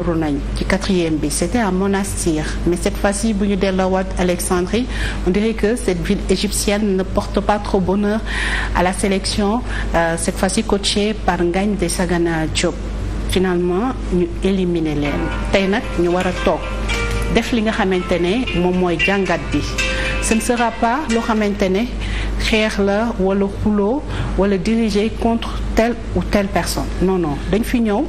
ru nañ ci quatrième bi c'était à Monastir mais cette fois-ci bu ñu dellowaat Alexandrie on dirait que cette ville égyptienne ne porte pas trop bonheur à la sélection euh, cette fois-ci coachée par Ngagne Desagana Diop finalement ñu éliminer leen tey nag ñu war a toog def li nga xamante ne moom mooy jàngat bi ce ne sera pas loo xamante ne xeex la wala xuloo wala diriger contre telle ou telle personne non non dañ fi ñëw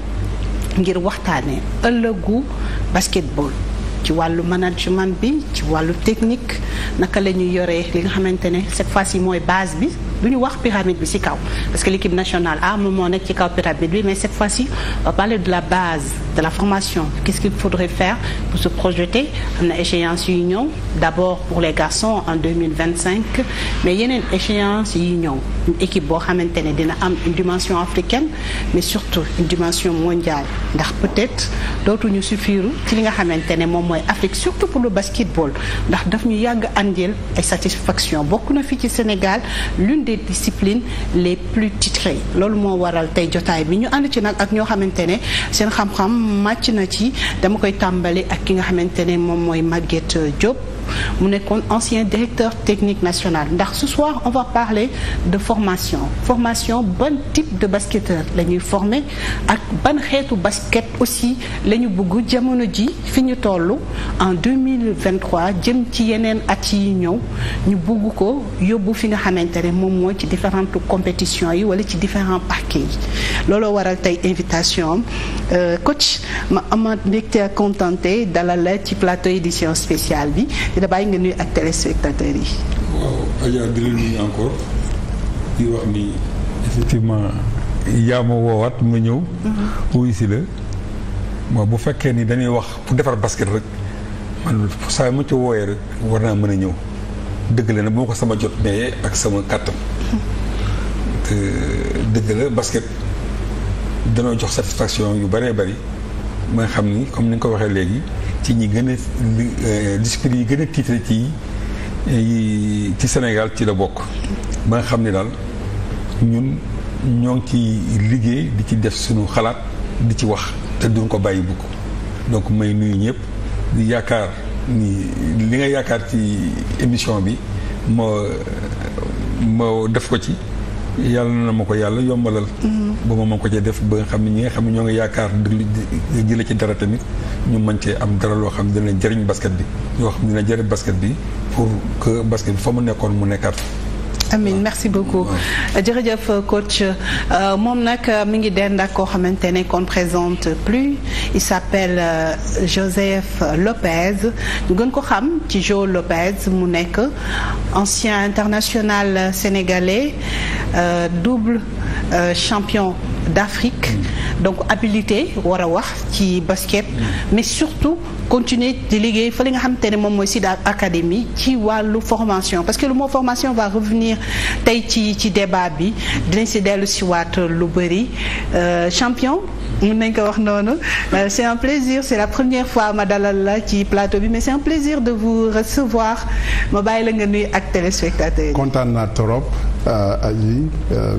ngir waxtaanee ëllëgu basketball ci wàllu management bi ci wàllu technique naka la ñuy yoree li nga xamante ne cette fois yi mooy base bi. du ñu wax pyramide bi ci kaw parce que l'équipe nationale à un moment nekk ci kaw pyramide bi mais cette fois-ci on de la base de la formation qu'est-ce qu'il faudrait faire pour se projeter am na échéance yu ñëw d'abord pour les garçons en 2025 mais yeneen échéance yu ñëw une équipe boo xamante ne dina am une dimension africaine mais surtout une dimension mondiale ndax peut-être dootuñu suffire ci li nga xamante ne moom mooy Afrique surtout pour le basketball ndax daf ñu yàgg andil ay satisfaction bokk na fii ci Sénégal des disciplines les plus titrées loolu moo waral tey jotaay bi ñu ànd ci nag ak ñoo xamante ne seen xam-xam màcc na ci dama koy tàmbali ak ki nga xamante ne moom mooy Maguette Diop. mu nekkoon ancien directeur technique national ndax ce soir on va parler de formation formation ban type de basketteur la ñuy former ak ban xeetu basket aussi la ñu bëgg jamono ji fi ñu toll en 2023 jëm ci yeneen at yi ñëw ñu bëgg ko yóbbu fi nga xamante ne moom mooy ci différentes compétitions yi wala ci différent parquets yi looloo waral tey invitation am euh, coach ma amaat mbégte ak contenté dalal la ci plateau édition spéciale bi dina bàyyi nga nuyu ak téléspectateurs yi. waaw Adja di la nuyu encore di wax ni effectivement yaa ma woowaat ma ñëw. Mm-hmm. wuyu si la. waaw bu fekkee ni dañuy wax pour defar basket rek man saa mu ci wooyee rek war naa mën a ñëw dëgg la nag moo ko sama jot mayee ak sama kàttan mm-hmm. te dëgg la basket danoo jox satisfaction yu baree bëri ma xam ni comme ni nga ko waxee léegi ci ñi gën a euh, discipline yi gën a titre ci ci Sénégal ci la bokk ba nga xam ne daal ñun ñoo ngi ci liggéey di ci def suñu xalaat di ci wax te duñ ko bàyyi bukk donc may nuyu ñëpp di yaakaar nii li nga yaakaar ci émission bi moo moo def ko ci yàlla na na ma ko yàlla yombalal. Mm-hmm. ba ma mën ko cee def ba nga xam ne ñi nga xam ne ñoo ngi yaakaar di jële ci dara tamit ñu mën cee am dara loo xam ne dina jëriñ basket bi. yoo xam ne dina jëriñ basket bi pour que basket bi fa mu nekkoon mu nekkaat. amin merci beaucoup jërëjëf coach euh, moom nag euh, mi ngi dend ak koo xamante ne qu'on ne présente plus il s'appelle euh, Joseph Lopez ñu gën ko xam ci Jo Lopez mu nekk ancien international sénégalais double champion d'Afrique mm. donc habilité war a wax ci basket mm. mais surtout continuer di liggéey fa li nga xamante ne moom mooy Sida Academy ci wàllu formation parce que le mot formation va revenir tey ci ci débat bi dinañ si dellu si waat lu bëri euh, champion mën nañ ko wax noonu euh, c'est un plaisir c'est la première fois ma dalal la ci plateau bi mais c'est un plaisir de vous recevoir ma bàyyi la nga nuyu ak téléspectateurs yi. kontaan naa trop euh,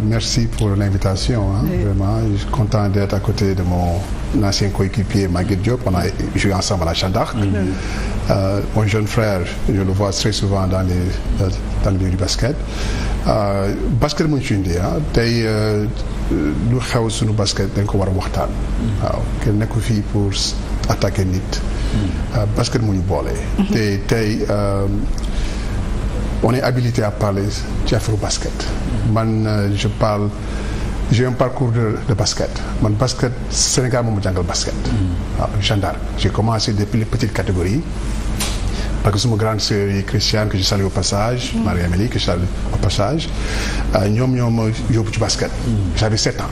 merci pour l'invitation hein, d'être à côté de mon ancien coéquipier Maguette Diop, on a joué ensemble à la Chandarc. Mm -hmm. euh, mon jeune frère, je le vois très souvent dans, euh, le milieu du basket. Euh, basket mooy suñu dee ah tey euh, lu xew suñu basket dañ ko war a waxtaan. Mm-hmm. waaw kenn nekku fii pour attaquer nit. Mm-hmm. basket mu ñu boole. Mm-hmm. te tey on est habilité à parler ci afro basket. man je parle. j'ai un parcours de, basket man basket Sénégal moom ma basket. waaw hmm. ah, gendarme j'ai commencé depuis les petites catégories parce que suma grande sœur yi Christiane que je salue au passage. Hmm. Marie Amélie que je salue au passage euh, ñoom ñoo ma yóbbu ci basket. Hmm. j'avais sept ans.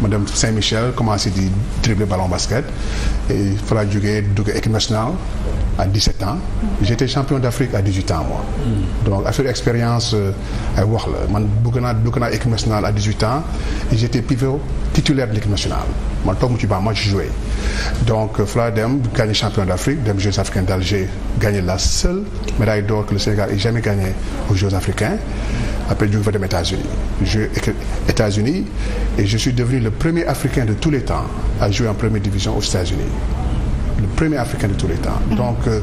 ma dem Saint-Michel commencé di dribbler ballon basket et fa laa jógee équipe nationale. à 17 ans. j'étais champion d'Afrique à 18 ans moi. Hmm. donc affaire expérience euh, ay wax la man bëgg naa dugg naa équipe nationale à 18 ans et j'étais pivot titulaire de l'équipe nationale ma toog mu ci banc ma joué. donc euh, Fla dem gagné champion d'Afrique dem Jeux africains d'Alger gagné la seule médaille d'or que le Sénégal ait jamais gagnée aux Jeux africains. après jóge fa États-Unis joué États-Unis et je suis devenu le premier Africain de tous les temps à jouer en première division le premier africain de tous temps. Mm-hmm. donc euh,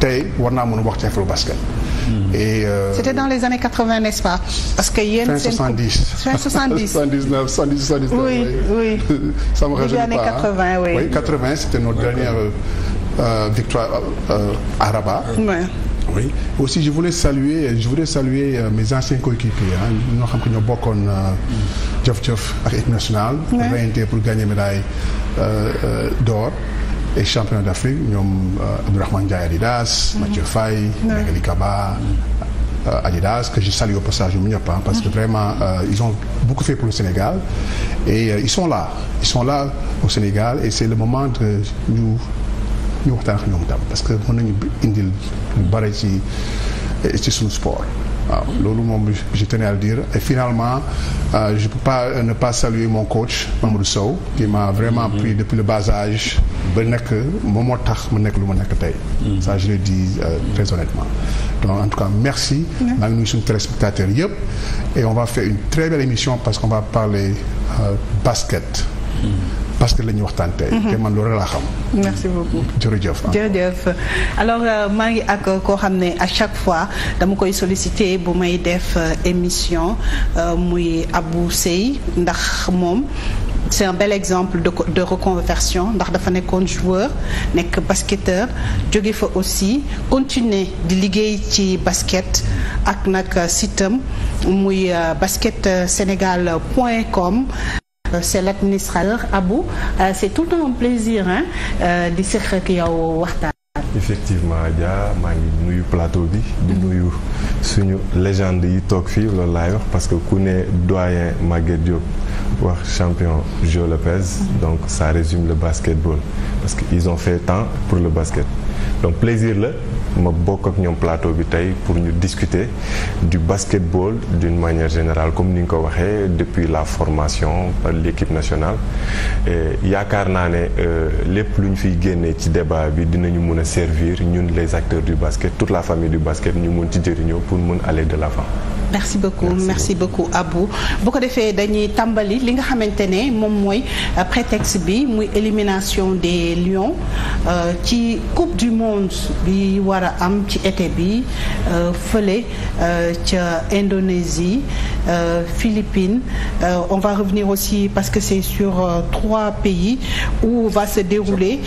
tey war naa mën a wax ci Afrobasket. Mm-hmm. et. Euh, c'était les années quatre-vingt n'est-ce que yéen seen. fin soixante-dix fin soixante-dix. soixante-dix-neuf soixante-dix soixante-dix-neuf. oui oui. ça me rajeunit pas quatre-vingt oui. xam ñoo bokkoon jëf-jëf euh, ak pour gagner médaille et champion d'Afrique ñoom euh, Abdourahmane Ndiaye Adidas. Mm-hmm. Mathieu Faye. Magali mm-hmm. Kaba. Mm-hmm. Euh, Adidas que je salue au passage ñoom ñëpp parce que vraiment euh, ils ont beaucoup fait pour le Sénégal et euh, ils sont là au Sénégal et c'est le moment de ñu ñu waxtaan parce que mën nañu indil lu bare ci ci suñu sport. waaw loolu moom je tenais à le dire et finalement euh, je peux pas euh, ne pas saluer mon coach Mamadou Sow qui m'a vraiment mm -hmm. pris depuis le bas âge ba nekk moom moo tax mu nekk lu ma nekk tey mhm. ça je le dis euh, très honnêtement donc en tout cas merci maa ngi nuyu suñu yëpp et on va faire une très belle émission parce qu'on va parler euh, basket mhm. parce que la ñuy waxtaan tey. Mhm. te man loolu laa xam. merci beaucoup jërëjëf. jërëjëf alors euh, maa ngi ak koo xam ne à chaque fois dama koy solliciter bu may def euh, émission euh, muy abu Seye ndax moom. c'est un bel exemple de de reconversion ndax dafa nekkoon joueur nekk basketteur jóge fa aussi continuer di liggéey ci basket ak nag sitam muy basket sénégal point com Euh, c'est l'administrateur Abou euh, c'est tout un plaisir di seq ak yow waxtaan. effectivement Adja maa ngi nuyu plateau bi di mm-hmm. nuyu suñu légende yi toog fii loolu laay parce que ku ne doyen Maguette Diop wax champion Joe Lopez mm-hmm. donc ça résume le basketball parce que ils ont fait tant pour le basket donc plaisir la ma bokk ak ñoom plateau bi tey pour ñu discuter du basketball d'une manière générale comme ni nga ko waxee depuis la formation par l'équipe nationale yaakaar naa ne euh, lépp lu ñu fiy génnee ci débat bi ñu mun a servir ñun les acteurs du basket toute la famille du basket ñu mun ci jëriñoo pour mun aller de l'avant merci beaucoup merci beaucoup Abou bu ko defee dañuy tàmbali li nga xamante ne moom mooy euh, prétexte bi muy élimination des lions euh, ci coupe du monde bi war a am ci été bi euh, fële ca Indonésie Philippines on va revenir aussi parce que c'est sur trois pays où va se dérouler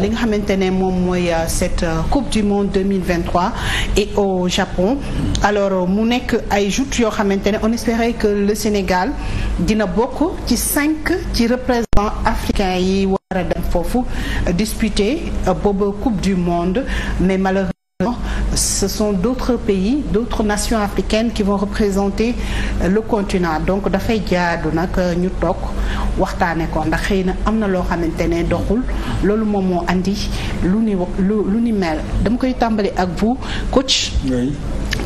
li nga xamante ne moom mooy cette coupe du monde 2023 et au Japon alors mu nekk ay yoo xamante ne on espérait que le Sénégal dina bokk ci cinq ci représentants africains yi war dem foofu dispute euh, booba coupe du monde mais malheureusement ce sont d'autres pays d'autres nations africaines qui vont représenter euh, le continent donc dafay jaadu nag euh, ñu toog waxtaane ko ndax xëy na am na loo xamante ne doxul loolu moom moo andi lu ni lu dama koy tàmbali ak bu coach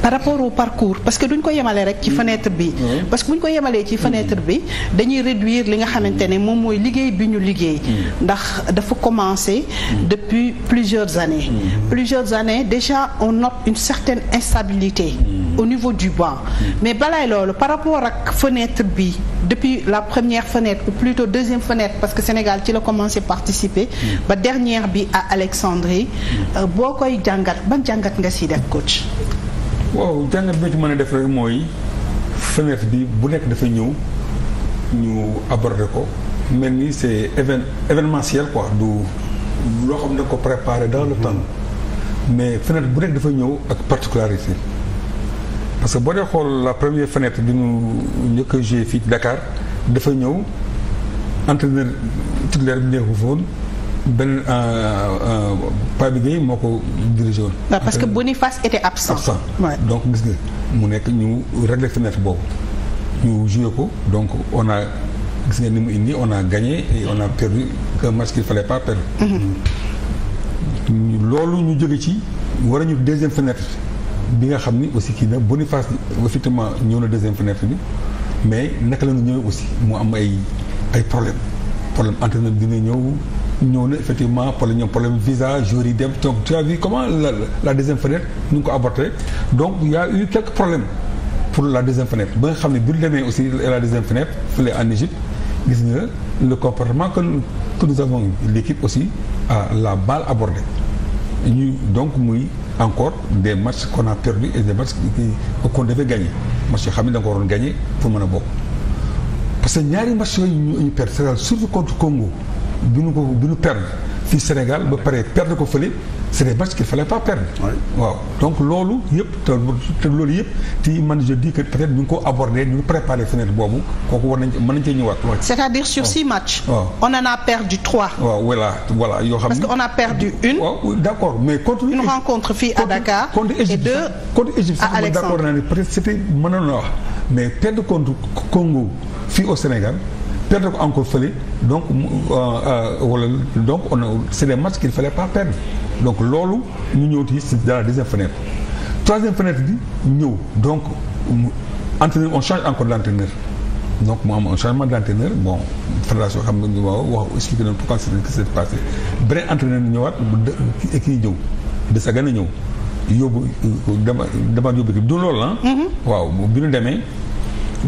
par rapport au parcours parce que ñu ko yemale rek ci mm. fenêtre bi parce que ñu ko yemalee ci fenêtre bi dañuy réduire li nga xamante ne moom mooy liggéey bi ñu liggéey mm. ndax dafa commencer mm. depuis plusieurs années plusieurs années déjà on note une certaine instabilité au niveau du banc mais balaay loolu par rapport ak fenêtre bi depuis la première fenêtre ou plutôt deuxième fenêtre parce que Sénégal ci la commencé participer ba dernière bi à Alexandrie euh, boo koy jàngat ban jàngat nga si def coach waaw jàngat bi ci mën a def rek mooy fenêtre bi bu nekk dafa ñëw ñu aborder ko mel ni c'est évén événementiel quoi du loo xam ne ko préparé dans le mm-hmm. temps mais fenêtre bu nekk dafa ñëw ak particularité parce que boo dee xool la première fenêtre bi ñu njëkk a joué fii Dakar dafa ñëw entraîneur titulaire bi neexu foon benn euh, euh, Pape Gueye moo ko dirigé woon. parce que Boniface était absent. absent ouais. donc gis nga mu nekk ñu réglé fenêtre boobu ñu joué ko donc on a gis nga ni mu indi on a gagné et on a perdu mm-hmm. loolu ñu jóge ci war nañu deuxième fenêtre bi nga xam ni aussi kii na Boniface effectivement ñëw na deuxième fenêtre bi mais naka la ñu ñëwee aussi mu am ay ay problème problème entraîneur dina ñëw. ñëw na effectivement problème ñoom problème visa joueurs yi dem donc tu as la la deuxième fenêtre ñu ngi ko aborté donc il y a pour la deuxième fenêtre ba nga xam ne bu ñu demee aussi la deuxième fenêtre fële en Égypte gis nga le comportement que que nous avons l'équipe aussi à la balle abordée ñu donc muy encore des matchs qu'on a perdu et des matchs qu'on devait gagner match xam ne da ko waroon gagner pour mën a bokk parce que ñaari match yooyu ñu ñu perdre surtout contre Congo bi ñu ko du ñu perdre fii Sénégal ba pare perdre ko fële c'est des matchs qu'il fallait pas perdre. waaw donc loolu yëpp te loolu yëpp ci man je dis que peut-être ñu ngi ko aborder ñu préparer fenêtre boobu kooku war nañ mën nañ cee ñëwaat. c'est-à-dire sur oh. six matchs. Oh. on en a perdu trois. waaw oh, voilà yoo xam ne. parce que on a perdu une. waaw d'accord mais contre. une rencontre fii à Dakar. et deux contre Égypte sax ma d'accord naa ne peut-être c'était mënoon na wax mais perdre contre fii au Sénégal. perdre ko encore fële donc euh, euh, wala donc on a c'est des matchs qu'il fallait pas perdre donc loolu ñu ñëw ci dans la deuxième fenêtre troisième fenêtre bi ñëw donc entraîneur on change encore d'entraîneur donc mu am un changement d'entraîneur bon fédération xam nga waaw wax expliqué nañu pourquoi c'est ce qui s'est passé beneen entraîneur ñëwaat bu kii ñëw de sa gën a ñëw yóbbu euh, dama dama yóbbu kii du loolu ah. Mm-hmm. waaw bu ñu demee.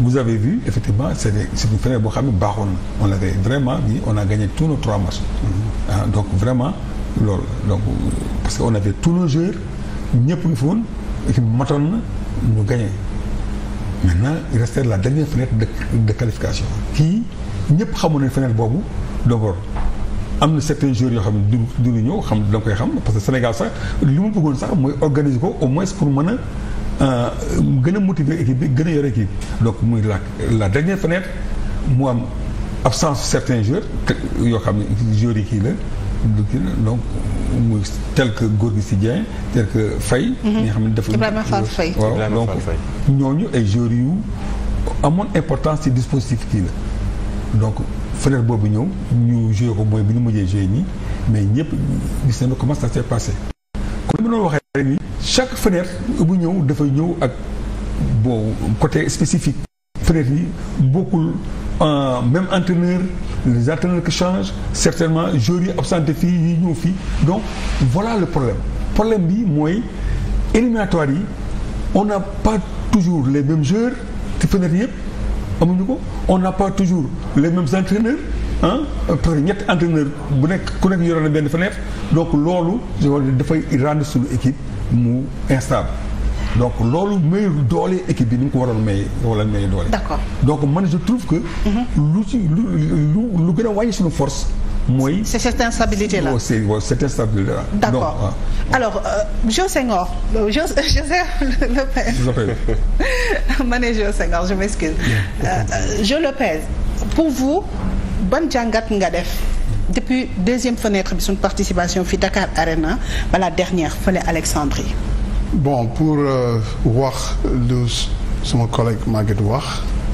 vous avez vu effectivement c'est une finale boo xam ne baaxoon na on avait vraiment ni on a gagné tous nos trois matchs mm-hmm. ah, donc vraiment loolu donc parce que on avait tous nos joueurs ñëpp ngi fi woon équipe matoon na ñu gagné maintenant il restait la dernière fenêtre de de qualification kii ñëpp xamoon nañ fenêtre boobu d'abord am na certains joueurs yoo xam ne du du ñëw xam da nga koy xam parce que Sénégal sax li mu bëggoon sax mooy organiser ko au moins pour mën a Euh, gën a motiver équipe bi gën a yor équipe donc muy la la dernière fenêtre mu am absence certains joueurs te yoo xam ne joueurs yi kii la donc muy tel góor gi Sy Dieng tel que Faye mhm. ñi nga xam ne dafa Ibrahima Fall Faye waaw donc ñooñu ay joueurs yu amoon importance ci dispositif kii la donc fenêtre boobu ñëw ñu joué mooy bi ñu mujjee joué nii mais ñëpp gis nañu comment ça s'est passé kon mënoo waxee rek chaque fenêtre bu ñëw dafay ñëw ak boobu côté spécifique fenêtre yi bokkul même entraîneur les entraîneurs qui changent certainement joueurs yi absenté fii yi ñëw fii donc voilà le problème problème bi mooy éliminatoire yi on n'a pas toujours les mêmes joueurs ci fenêtre yëpp amuñu ko on n'a pas toujours les mêmes entraîneurs ah par ñetti entraîneur bu nekk ku nekk yoroon na benn fenêtre donc loolu dafay rendre suñu équipe mu instable donc loolu may doole équipe bi ni mu ko waroon may wala may doole. d'accord donc man je trouve que. Mhm. lu ci lu lu lu gën a wàññi suñu force. mooy c'est cette instabilité là. Oh, c'est oh, cette instabilité là. d'accord ah, ah. alors euh, José Senghor José Lopez. Lopez. ma ne José Senghor je m'excuse. Euh, euh, je Lopez pour vous. ban jàngat nga def depuis deuxième fenêtre bi suñu participation fi Dakar Arena wala dernière fële Alexandrie bon pour euh, wax de sama collègue Maguette wax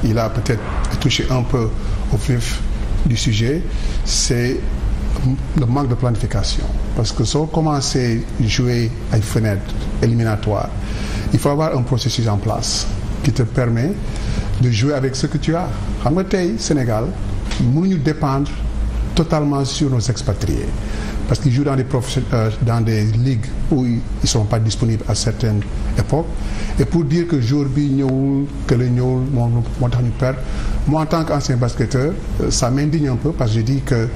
il a peut-être touché un peu au vif du sujet c'est le manque de planification parce que soo commencé jouer ay fenêtres éliminatoires il faut avoir un processus en place qui te permet de jouer avec ce que tu as xam nga tey Sénégal mënuñu dépendre totalement sur nos expatriés parce qu'ils jouent dans des profs, euh, dans des ligues où ils ne sont pas disponibles à certaines époques et pour dire que jour bi ñëwul que la ñëwul moom moo tax ñu perdre moi en tant qu'ancien basketteur euh, ça m'indigne un peu parce que je dis que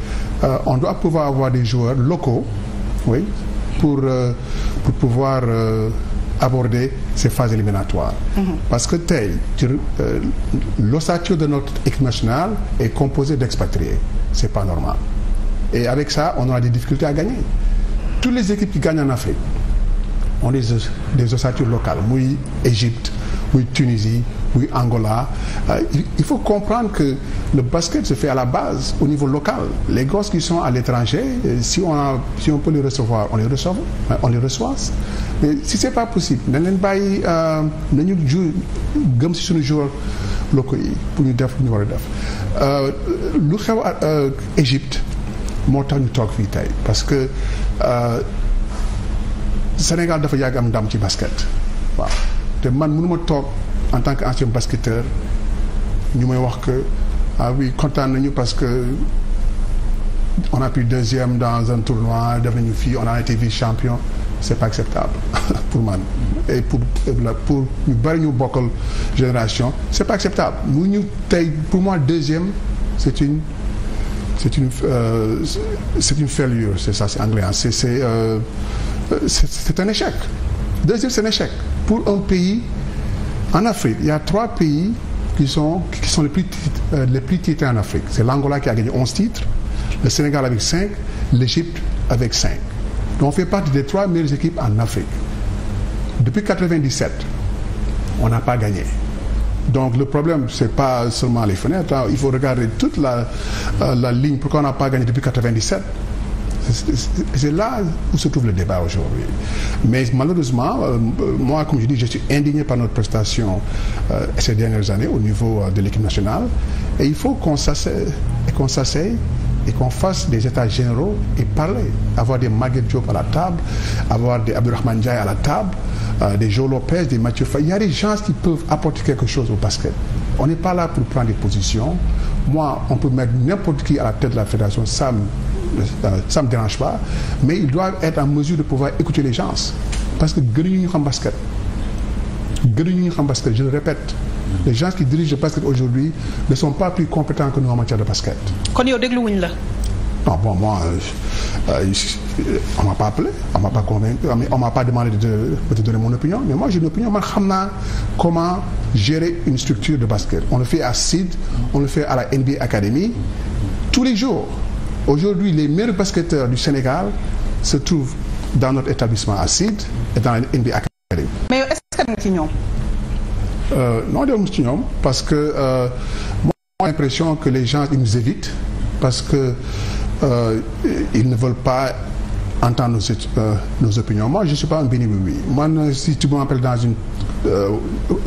euh, on doit pouvoir avoir des joueurs locaux oui pour euh, pour pouvoir euh, aborder ces phases éliminatoires. Mm Parce que tey euh, l'ossature de notre équipe nationale est composée d'expatriés. C'est pas normal. Et avec ça, on aura des difficultés à gagner. Toutes les équipes qui gagnent en Afrique ont des, des ossatures locales, muy Égypte, muy Tunisie muy Angola euh, il faut comprendre que le basket se fait à la base au niveau local les gosses qui à l'étranger euh, si on a si on peut les recevoir on les reçoit euh, on les reçoit mais si c'est pas possible nañ leen bàyyi nañu ju gëm si suñu joueur locaux yi pour ñu def lu ñu war a def lu xew Égypte moo tax ñu toog fii tey parce que Sénégal dafa yàgg am ndam ci basket waaw te man mënuma toog en tant que ancien basketteur ñu may wax que ah oui kontaan nañu parce que on a pu deuxième dans un tournoi def nañu fii on a été vice champion c'est pas acceptable pour man et pour pour ñu bari ñu bokkal génération c'est pas acceptable mu ñu tey pour moi deuxième c'est une c'est une euh, c'est une failure c'est ça c'est anglais c'est c'est euh, c'est un échec deuxième c'est un échec pour un pays en Afrique il sont qui sont les plus euh, les plus titrés en Afrique c'est l'Angola qui a gagné onze le Sénégal avec cinq l'Égypte avec cinq donc on fait partie des trois meilleures équipes en on le problème c'est pas seulement les fenêtres hein. il la euh, la ligne pourquoi c'est là où se trouve le débat aujourd'hui mais malheureusement euh, moi comme je dis je suis indigné par notre prestation euh, ces dernières années au niveau euh, de l'équipe nationale et il faut qu'on s'asseye et qu'on s'asseye et qu'on fasse des états généraux et parler avoir des Maguette Diop à la table avoir des Abdourahmane Ndiaye à la table euh, des Jo Lopez des Mathieu Faye il y a des gens qui peuvent apporter quelque chose au basket on n'est pas là pour prendre des positions moi on peut mettre n'importe qui à la tête de la fédération ça Euh, ça me dérange pas mais ils doivent être en mesure de pouvoir écouter les gens parce que gënuñu ñu xam basket gënuñu ñu xam basket je le répète les gens qui dirigent le basket aujourd'hui ne sont pas plus compétents que nous en matière de basket. kon yow dégluwuñ la. non moi euh, euh, on m'a pas appelé on m'a pas convaincu on m'a pas demandé de de donner mon opinion mais j'ai une opinion man xam comment gérer une structure de basket on le fait à CID on le fait à la NBA Aujourd'hui, les meilleurs basketteurs du Sénégal se trouvent dans notre établissement à Sid et dans la NBA Academy. mais est-ce que dem nga ci ñoom. non dem ci ñoom parce que euh, moi j'ai l'impression que les gens ils nous évitent parce que euh, ils ne veulent pas entendre nos euh, nos opinions moi je suis pas un béni-boubou man si tu m'appelles dans une euh,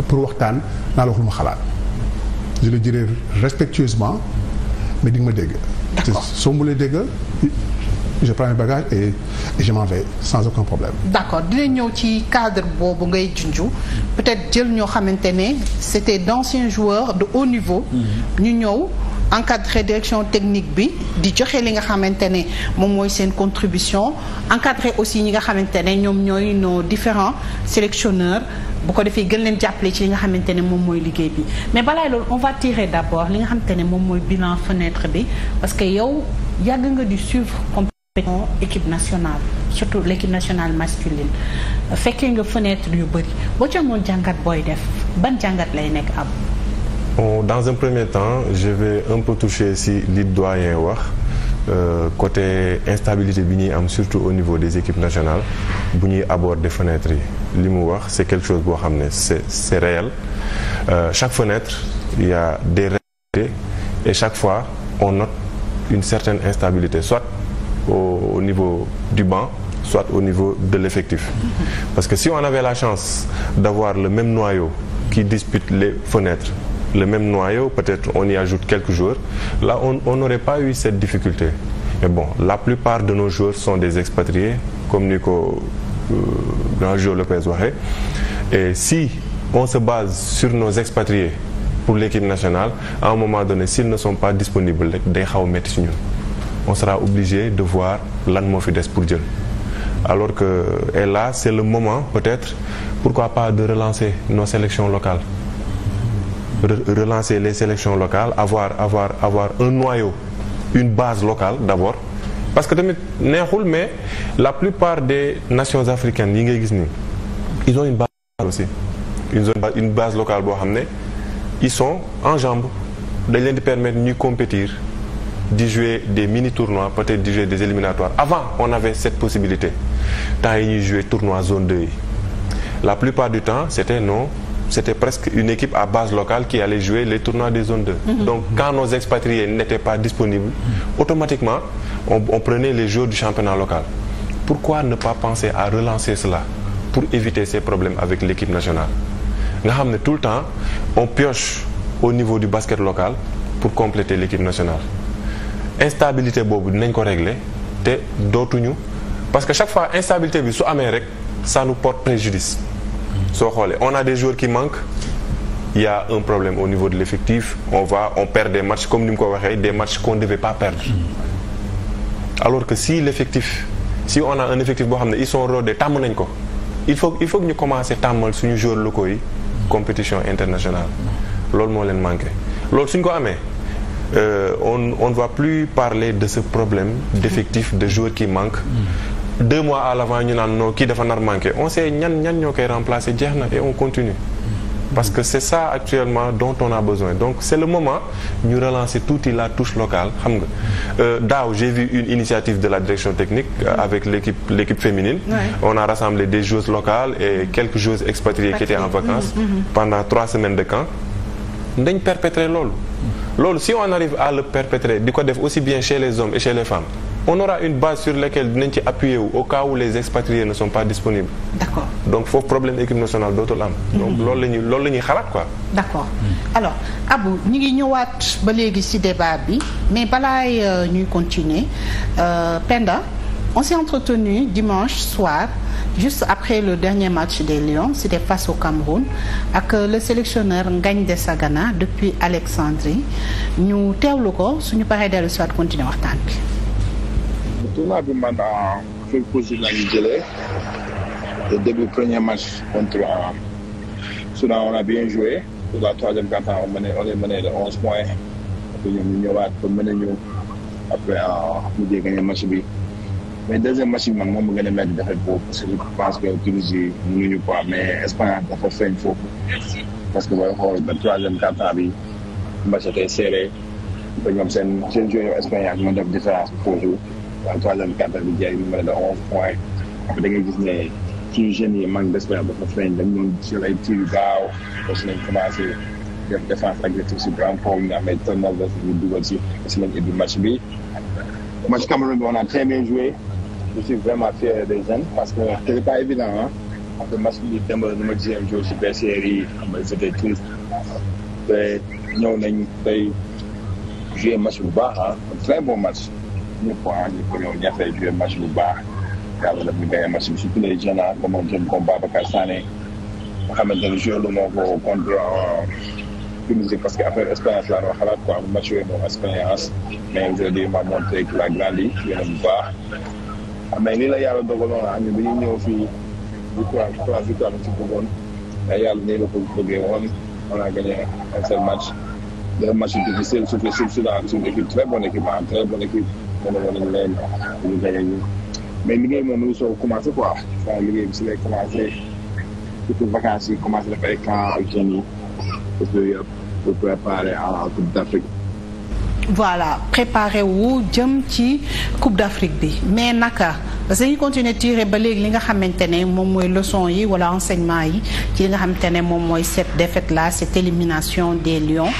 pour waxtaan naa la wax lu ma xalaat je le dirai respectueusement mais di ma dégg. D'accord. Si on voulait dégâts, je prends mes bagages et, et je m'en sans aucun problème. D'accord. Dinañ ñëw ci cadre boobu ngay junju peut-être jël ñoo xamante ne c'était d'anciens joueurs de haut niveau. Mhm. ñu ñëw. encadrer direction technique bi di joxe li nga xamante ne moom mooy seen contribution encadrer aussi ñi nga xamante ne ñoom ñooy nos différents sélectionneurs bu ko defee gën leen jàppale ci li nga xamante ne moom mooy liggéey bi mais balaay loolu on va tirer d'abord li nga xamante ne moom mooy bilan fenêtre bi parce que yow yàgg nga di suivre compétition équipe nationale surtout l'équipe nationale masculine fekkee nga fenêtre yu bëri boo ci jàngat booy def ban jàngat lay nekk am on dans un premier temps je vais un peu toucher si li doyen wax euh, côté instabilité bi ñuy am surtout au niveau des équipes nationales bu ñuy aborder fenêtres yi li mu wax c'est quelque chose boo xam ne c'est c'est réel euh, chaque fenêtre il y a des réalités et chaque fois on note une certaine instabilité soit au, au niveau du banc soit au niveau de l'effectif parce que si on avait la chance d'avoir le même noyau qui dispute les fenêtres le même noyau, peut-être on y ajoute quelques joueurs. Là, on n'aurait pas eu cette difficulté. Mais bon, la plupart de nos joueurs sont des expatriés, comme Nico euh, Grand Jour Lopez Waré. Et si on se base sur nos expatriés pour l'équipe nationale, à un moment donné, s'ils ne sont pas disponibles, on sera obligé de voir l'anmofides pour Dieu. Alors que, et là, c'est le moment, peut-être, pourquoi pas de relancer nos sélections locales. relancer les sélections locales avoir avoir avoir un noyau une base locale d'abord parce que tamit neexul mais la plupart des nations africaines yi ngay gis nii ils ont une base locale aussi une zone une base locale boo xam ne ils sont en jambes dañ leen di permettre ñuy compétir di jouer des mini tournois peut-être de jouer des éliminatoires avant on avait cette possibilité temps yi ñuy jouer tournoi zone de yi la plupart du temps c'était non c'était presque une équipe à base locale qui allait jouer les tournois des zones 2. Mm -hmm. Donc quand nos expatriés n'étaient pas disponibles, mhm. automatiquement, on, on prenait les jours du championnat local. Pourquoi ne pas penser à relancer cela pour éviter ces problèmes avec l'équipe nationale nga xam ne tout le temps on pioche au niveau du basket local pour compléter l'équipe nationale instabilité boobu dinañ ko régler te dootuñu parce que chaque fois instabilité bi su amee rek ça nous porte préjudice soo xoolee on a des joueurs qui manquent il y un problème au niveau de l'effectif on va on perd des matchs comme ni mu ko waxee des matchs qu'on ne devait pas perdre alors que si l'effectif si on a un effectif boo xam ne ils sont rodés tàmm nañ ko il faut il faut que ñu commencer tàmmal suñu joueurs locaux yi compétition international loolu moo leen manqué loolu suñ ko amee euh, on on ne va plus parler de ce problème d'effectif de joueurs qui manquent deux mois à l'avant ñu naan no ki dafa nar manqué on sait ñan ñan ñoo koy remplacer jeex na et on continue. parce que c'est ça actuellement dont on a besoin donc c'est le moment ñu relancer tuuti la touche locale xam nga euh, daaw j'ai vu une initiative de la direction technique euh, mm-hmm. avec l'équipe l'équipe féminine ouais. on a rassemblé des joueuses locales et mm-hmm. quelques joueuses expatriées Patrie. qui étaient en vacances mm-hmm. pendant trois semaines de camp dañ perpétrer loolu loolu si on arrive à le ko def aussi bien chez les hommes et chez on aura une base sur laquelle dinañ ci appuyer wu au cas où les expatriés ne sont pas disponibles. d'accord donc foofu problème équipe nationale dootul am. Mhm. donc loolu la ñuy loolu la ñuy xalaat quoi. d'accord mhm. alors Abou ñu ngi ñëwaat ba léegi ci débat bi mais balaa balaay euh, ñuy continuer euh, Penda on s'est entretenu dimanche soir juste après le dernier match des Lions c'était face au Cameroun ak euh, le sélectionneur Ngagne Desagana depuis Alexandrie ñu teewlu ko suñu paree dellu si waat continuer waxtaan bi. bu tournoi bi man feuille positive la ñu jëlee début premier match contre euh, Soudan on a bien joué pour la troisième quart-temps on menait on est mené après ñoom ñu après euh, mu jéeg match bi mais deuxième machine man moom mu gën a métti defet parce que je pense que Tunisie mënuñu quoi mais Espagne feeñ foofu parce que ba troisième quart bi match a tey serré ba ñoom seen ak ñoo def différence bi en troisième quatrième bi jeex numéro de onze points après da nga gis ne ci jeunes yi manque d'espoir dafa feeñ dañ ñoom jël ay tir yu gaaw aussi lañ commencé def défense agressive si grand pont ñu am ay turnovers ñu dugal si aussi lañ ubbi match bi match Cameroun on a très bien joué je suis vraiment fier des jeunes parce que c'était pas évident ah après match bi démb nu ma gisee jour si BCR yi xam nga c'était triste te ñëw nañ tey joué match bu baax ah très bon match ñëpp ah ñëpp ñëw ñax lay joué match bu baax yàlla daf ñu gagné match bi surtout les jeunes ah comme jeune comme Babacar Sané nga xamante ne joué lu moo ko contre euh, Tunisie parce que affaire expérience laa doon xalaat quoi bu match yooyu moom expérience mais aujourd'hui m'a montré que la grandi yéen bu baax. Ah, mais nii la yàlla dogaloon ah ñu bi ñu ñëw fii victoire victoire victoire bi ci bëggoon mais yàlla nii la ko bëggee woon on a gagné un seul match. deux matchs difficiles surtout sur Soudan sur une équipe très bonne équipe ah très bonne équipe. mën a wane moom lu soog commencé quoi waaw liggéey si lay commencé surtout vacances yi commencé def ak jeunes yi et puis Coupe d'Afrique voilà préparé wu jëm ci Coupe d'Afrique bi mais naka parce que ñu continuer tiré ba léegi li nga xamante ne moom mooy leçon yi wala enseignement yi ci li nga xamante ne moom mooy cette défaite la cette élimination des Lions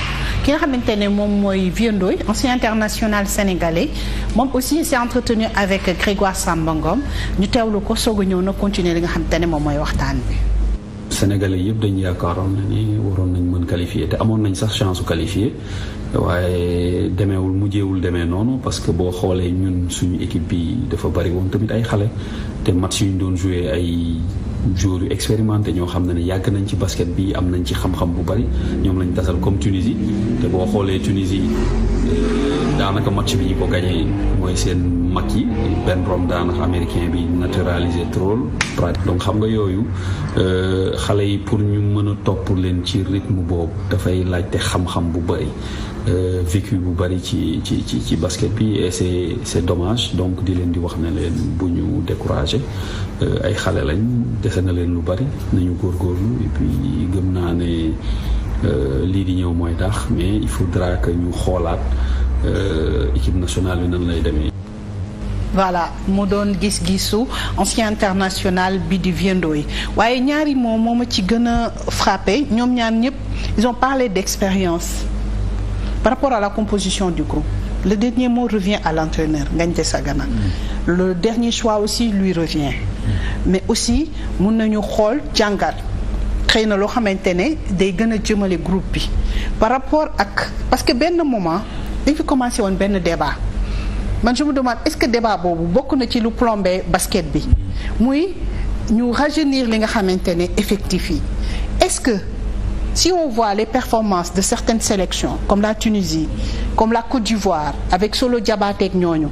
ki nga xamante ne moom mooy Vieux Ndoye international sénégalais moom aussi s'est entretenu avec Grégoire Samba Ngom ñu teewlu ko soog a ñëw na continuer li nga xam ne moom mooy waxtaan bi. Sénégalais yëpp dañ yaakaaroon na ni waroon nañu mën qualifier te amoon nañ sax chance su qualifier waaye demeewul mujjeewul demee noonu parce que boo xoolee ñun suñu équipe bi dafa bari woon tamit ay xale te match yu ñu doon joué ay. joueurs yu expérimenté ñoo xam ne ne yàgg nañ ci basket bi am nañ ci xam-xam bu bari ñoom lañ tasal comme Tunisie te boo xoolee Tunisie. daanaka match bi ñu ko gagné mooy seen mag yi benn rom daanaka américain bi naturalisé trop donc xam nga yooyu euh, xale yi pour ñu mën a topp leen ci rythme boobu dafay laajte xam-xam bu bëri euh, vécu bu bari ci ci ci ci basket bi et c'est c'est dommage donc di leen di wax ne leen bu ñu découragé euh, ay xale lañ defe na leen lu bari nañu góorgóorlu et puis gëm naa ne lii di ñëw mooy tax mais il faudra que ñu xoolaat Euh, équipe nationale bi nan lay demee. voilà mu doon gis-gisu ancien international bi di Viendoy waaye ñaari moom moom a ci gën a frappé ñoom ñaar ñëpp ils ont parlé d'expérience par rapport à la composition du groupe le dernier mot revient à l'entraîneur sa Sagana mm. le dernier choix aussi lui revient mm. mais aussi mun nañu xool jàngat xëy na loo xamante ne day gën a jëmale groupe bi par rapport ak parce que benn moment dañ fi commencé woon benn débat man je me demande est-ce que débat boobu bokk na ci lu plombé basket bi muy ñu rajeunir li nga xamante ne effectif yi est-ce que si on voit les performances de certaines sélections comme la Tunisie comme la Côte d'Ivoire avec Solo Diabaté ak ñooñu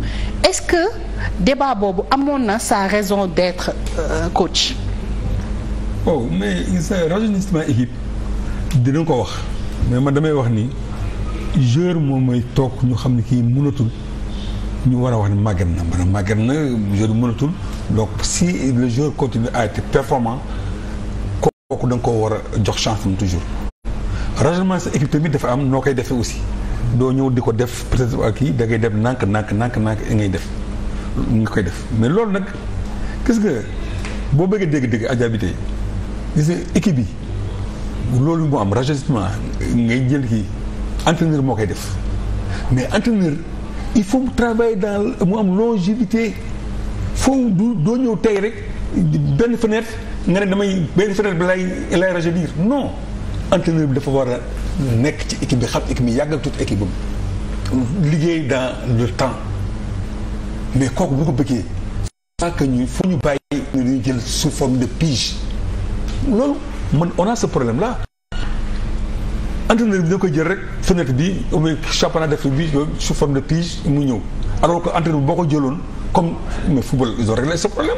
est-ce que débat boobu amoon na sa raison d'être euh, coach. oh mais rajeunissement équipe dina ko wax mais man damay wax nii joueur moom mooy toog ñu xam ne kii mënatul ñu war a wax ne màgget na maanaam màgget na joueur bi mënatul donc si le joueur continue à être performant kooku da ko war a jox chance am toujours rajoutement sa équipe tamit dafa am noo koy defee aussi doo ñëw di ko def peut-être ak kii da ngay dem nànk nànk nànk nànk ngay def nga koy def mais loolu nag gis que boo bëggee dégg-dégg ajabité gis nga équipe bi loolu moo am rajeunissement ngay jël kii entraîneur moo koy def mais entraîneur il faut travailler dans mu am longévité foofu du doo ñëw tey rek benn fenêtre nga ne damay benn fenêtre bi lay lay rajeunir non entraîneur bi dafa war a nekk ci équipe bi xam équipe bi yàggal toute équipe liggéey dans le temps mais kooku bu ko bëggee pas ñu foo ñu bàyyi ñu jël sous forme de pige loolu man on a problème la entraîneur bi dina koy jël rek fenêtre bi ou bien championnat d'Afrique bi sous forme de pige mu ñëw alors que entraîneur boo ko jëloon comme mais football ils ont réglé ce problème.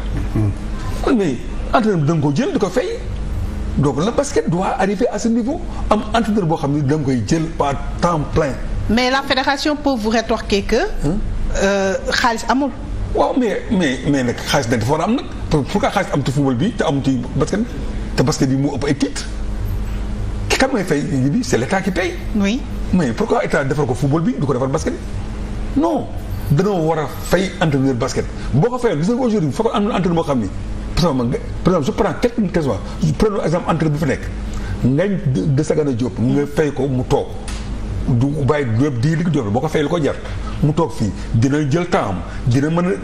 kon mais entraîneur bi da nga ko jël di ko fay. donc le basket doit arriver à ce niveau boo xam ni da koy jël par temps plein. mais la fédération peut vous rétorquer que. Euh, xaalis amul. waaw mais mais mais nag xaalis dañ dafa war a am nag pour pourquoi xaalis am ci football bi te amu ci basket te basket bi mu ëpp ay titres. ki kan fay ji bi c' est l' état qui paye. oui mais état defar ko football bi du ko defar basket bi non danoo war a fay entraîneur basket boo ko fayal gis nga aujourd'hui bu fekkoon am na entraîneur boo xam ni par exemple je prends quelques questions je prends exemple entraîneur bu fa nekk ngañ de Sagana Diop. nga fay ko mu toog du bàyyi du di li boo ko fayal ko jar. mu toog fii dina jël temps dina mën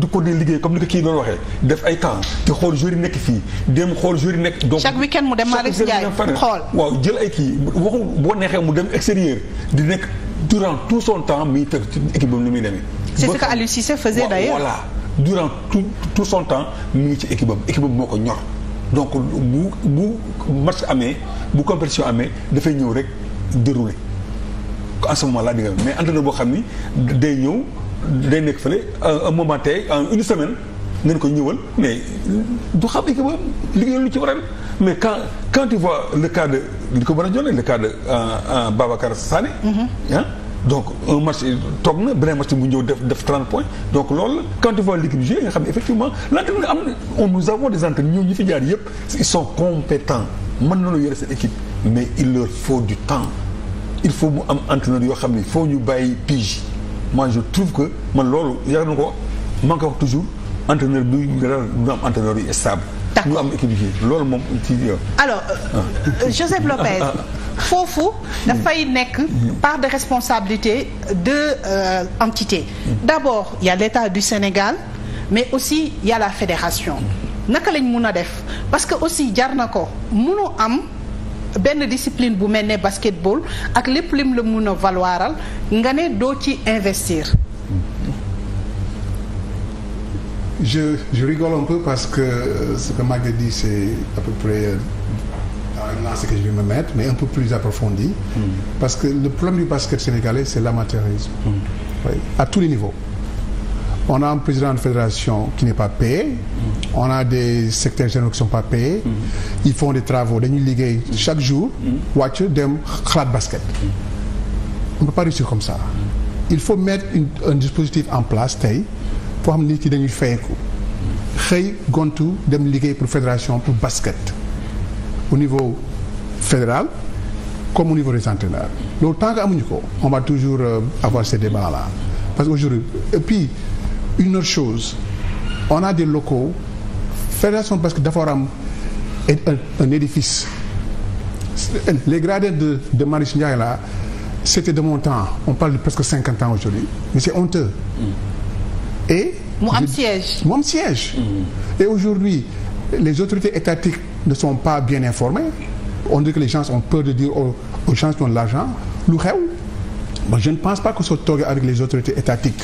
du ko di liggéey comme ni ko kii doon waxee def ay temps te xool joueurs yi nekk fii dem xool joueurs yi nekk. donc chaque week-end mu dem Malick Ndiaye xool waaw jël ay kii waxu boo neexee mu dem extérieur di nekk durant tout son temps muy teg ci équipe boobu ni muy demee. c'est ce que Aliou Cissé faisait d'ailleurs tout son temps mu ngi ci équipe am équipe moo ko ñor donc bu bu match amee bu compétition amee dafay ñëw rek dérouler. en ce moment là di nga mais entraîneur boo xam ni day ñëw day nekk fële un moment tey en une semaine ngeen ko ñëwal mais du xam équipe am liggéeyal lu ci waral mais quand quand tu vois le cas de li ko mën a joxe le cas de euh, euh, Babacar Sané. ah donc un match toog na beneen match mu ñëw def def 30 points donc loolu quand tu vois l'équipe jouer nga xam ne effectivement l'entraîneur am on nous avons des entraîneurs ñi fi jaar yëpp ils compétents mën nañoo yore seen équipe mais il faut mu am entraîneur yoo xam ne foo ñu bàyyi pige ma je trouve que man loolu yàgg na ko man ko toujours entraîneur bi du am entraîneur yu stable ñu am équipe loolu moom ci euh, alors euh, ah. euh, Joseph Lopez ah, ah, foofu dafay nekk par de responsabilité de euh, entité d'abord il y a l'État du Sénégal mais aussi il y la fédération naka lañ mun a def parce que aussi jar na ko munu am benn discipline bu mel ne basketball ak lépp lim la mun a valoiral nga ne doo ci investir. je je rigole un peu parce que euh, ce que Maguette dit c'est à peu près euh, dans ce que je vais me mettre mais un peu plus approfondi. Mm. parce que le problème du basket sénégalais c'est l'amateurisme. Mm. oui à tous les niveaux. On a un président de fédération qui n'est pas payé. On a des secrétaires généraux qui ne sont pas payés. Ils font des travaux. Dañuy liggéey chaque jour. wàcc dem xalaat basket. On ne peut pas réussir comme ça. Il faut mettre une, un dispositif en place tey foo xam ne nit dañuy fayeku. xëy gontu dem liggéey pour fédération pour basket. au niveau fédéral comme au niveau des entraîneurs. loolu tant que amuñu ko on va toujours euh, avoir ces débats là parce que aujourd'hui et puis. une autre chose on a des locaux fédération parce que dafa war am un édifice les gradins de de Marius Ndiaye là c'était de mon temps on parle de presque cinquante ans aujourd'hui mais c'est honteux mm. et mu am siège mu am siège mm. et aujourd'hui les autorités étatiques ne sont pas bien informées on dit que les gens ont peur de dire aux, aux gens qui ont de l'argent lu xew mais je ne pense pas que soo toogee avec les autorités étatiques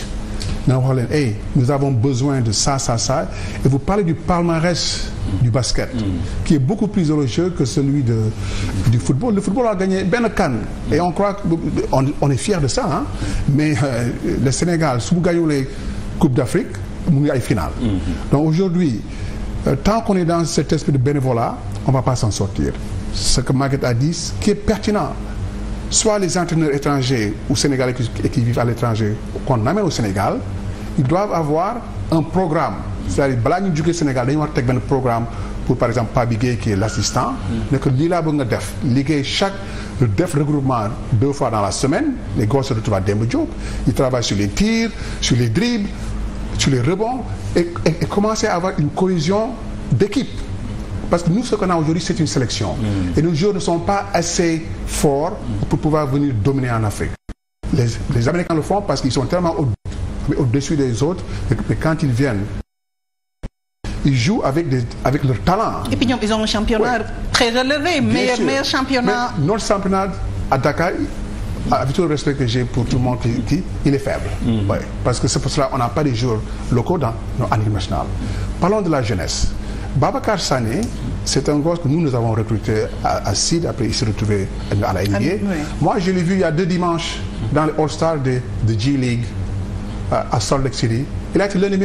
nga wax leen hey nous avons besoin de ça ça ça et vous parlez du palmarès du basket. Mm. qui est beaucoup plus élogieux que celui de du football le football a gagné benn CAN. et on croit on, on est fier de ça hein mais euh, le Sénégal su mu gañulee Coupe d'Afrique mu ngi ay final. Mm-hmm. donc aujourd'hui euh, tant qu'on est dans cet esprit de bénévolat on va pas s'en sortir. ce que Maguette a dit ce qui est pertinent. soit les entraîneurs étrangers ou sénégalais qui, qui vivent à l'étranger qu'on amène au Sénégal ils doivent avoir un programme c'est-à-dire balaa ñu jógee Sénégal dañu war a teg programme pour par exemple Pape Gueye qui est l'assistant mm. ne que lii laa bëgg nga def liggéey chaque def regroupement deux fois dans la semaine les gosses se retrouvent à Demba ils travaillent sur les tirs sur les dribbles sur les rebonds et, commencer à avoir une cohésion d'équipe Parce que nous, ce qu'on a aujourd'hui, c'est une sélection. Mm. Et nos joueurs ne sont pas assez forts pour pouvoir venir dominer en Afrique. Les, Américains le font parce qu'ils sont tellement au-dessus au des autres, mais quand ils viennent, ils jouent avec, leur talent. Et puis ils championnat très relevé, meilleur, meilleur, championnat. Mais à Dakar, avec tout le respect que j'ai pour tout le monde qui, il est faible. Mm. Parce que c'est pour cela qu'on n'a pas Babacar Sané c'est un gosse que nous nous avons recruté à, à Sid après il s'est retrouvé à la NBA. Ah, oui. Moi je l'ai vu il y a deux dimanches dans le All-Star de G League à, à Salt Lake a été l'un des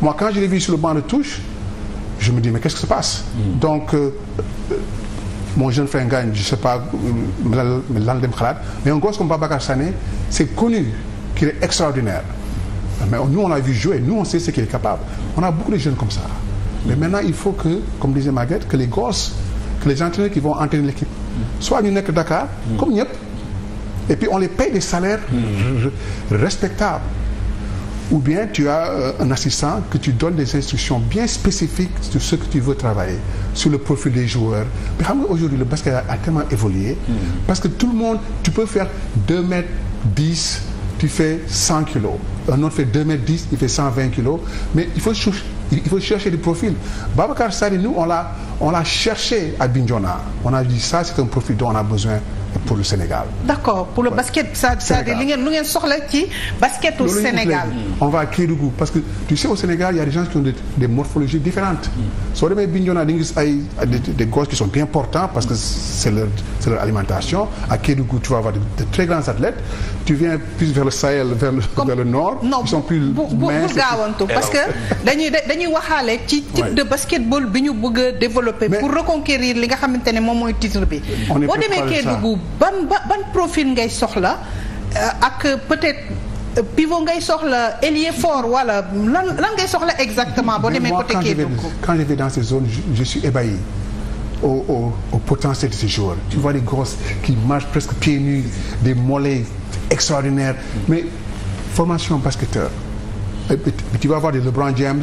quand je l'ai vu sur le banc de touche je me dis qu'est-ce qui se passe hmm. donc euh, euh, mon jeune frère Ngagne je sais pas euh, xalaat mais un gosse comme Babacar Sané c'est connu qu'il est extraordinaire nous on l'a vu jouer nous on sait ce qu'il est capable on a beaucoup de jeunes comme ça mais maintenant il faut que comme disait Maguette que les gosses que les entraîneurs qui vont entraîner l'équipe soit ñu nekk Dakar comme ñëpp et on les paye des salaires respectables ou bien tu as euh, un assistant que tu donnes des instructions bien spécifiques sur ce que tu veux travailler sur le profil des joueurs mais xam nga aujourd'hui le basket a, a tellement évolué parce que tout le monde tu peux faire mètre mètres dix tu fais cent kilos un autre fait deux mètres cent vingt kilos mais il faut il faut chercher des profils. Babacar Sari, nous, on l'a cherché à Binjona. On a dit ça, c'est un profil dont on a besoin. pour le Sénégal. d'accord pour le lu ngeen soxla ci basketu Sénégal. on va à Kédougou parce que tu sais au Sénégal il a des gens qui ont des, morphologies différentes. Mm. soo demee Bignona di nga gis ay des gosses qui sont bien portants parce que c'est leur c'est leur alimentation à Kédougou tu vas avoir de, très grands athlètes tu viens plus vers le Sahel vers le nord. non sont plus minces parce que dañuy dañuy waxaale ci type de basketball bi ñu bëgg a développer. pour reconquérir li nga ban ba ngay soxla euh, ak peut-être pivot ngay soxla ailier fort wala lan lan ngay soxla exactement boo demee côté Kédougou quand je vais dans ces zones je, je suis ébahi au au au potentiel de ces joueurs tu vois des gosses qui marchent presque pieds nus des mollets extraordinaires mais formation basketteur tu vas avoir des LeBron James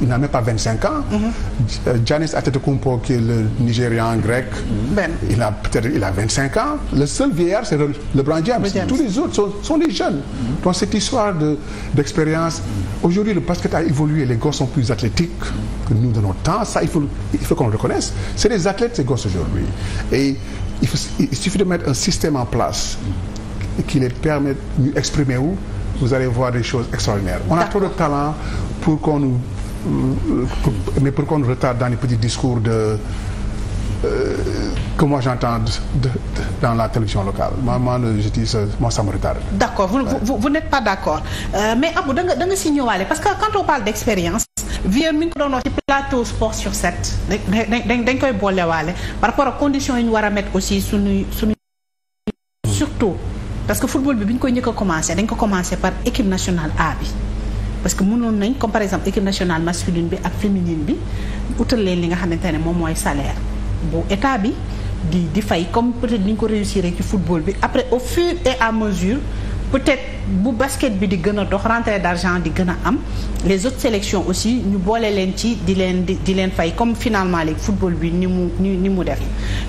il n'a même pas 25 ans. Mhm. Giannis Antetokounmpo qui est le Nigérian grec. Ben. Il a ans. Le seul vieillard c'est Le James. Tous les autres sont, des jeunes. Mhm. Donc cette histoire d'expérience. Aujourd'hui le basket a évolué les gosses sont plus athlétiques que nous de notre temps. Ça il faut il faut qu'on le reconnaisse. C'est des athlètes ces aujourd'hui. Et il, suffit de mettre un système en place qui les permette d'exprimer où vous allez voir des choses extraordinaires. Euh, mais pourquoi on retarde dans les petits discours de euh, que moi dans la télévision locale moi, moi je dis ça, moi ça me d'accord vous, vous, n'êtes pas d'accord euh, mais Abou da nga da ñëwaale parce que quand on parle d'expérience vier mi ngi ko doon wax ci plateau sport sur 7 dañ dañ koy boolewaale par rapport ak conditions yi ñu war a mettre aussi suñuy suñuy surtout parce que football bi bi ñu koy njëkk a commencé dañ ko commencé par équipe nationale A parce que mënoon nañ comme par exemple équipe nationale masculine bi ak féminine bi utal leen li nga xamante ne moom mooy salaire bu état bi di di fay comme peut-être ni ñu ko réussir ci football bi après au fur et à mesure être bu basket bi di gën a dox rentrée d'argent di gën a am les autres sélections aussi ñu boole leen ci di leen di di leen fay comme finalement léegi football bi ni mu ni ni mu def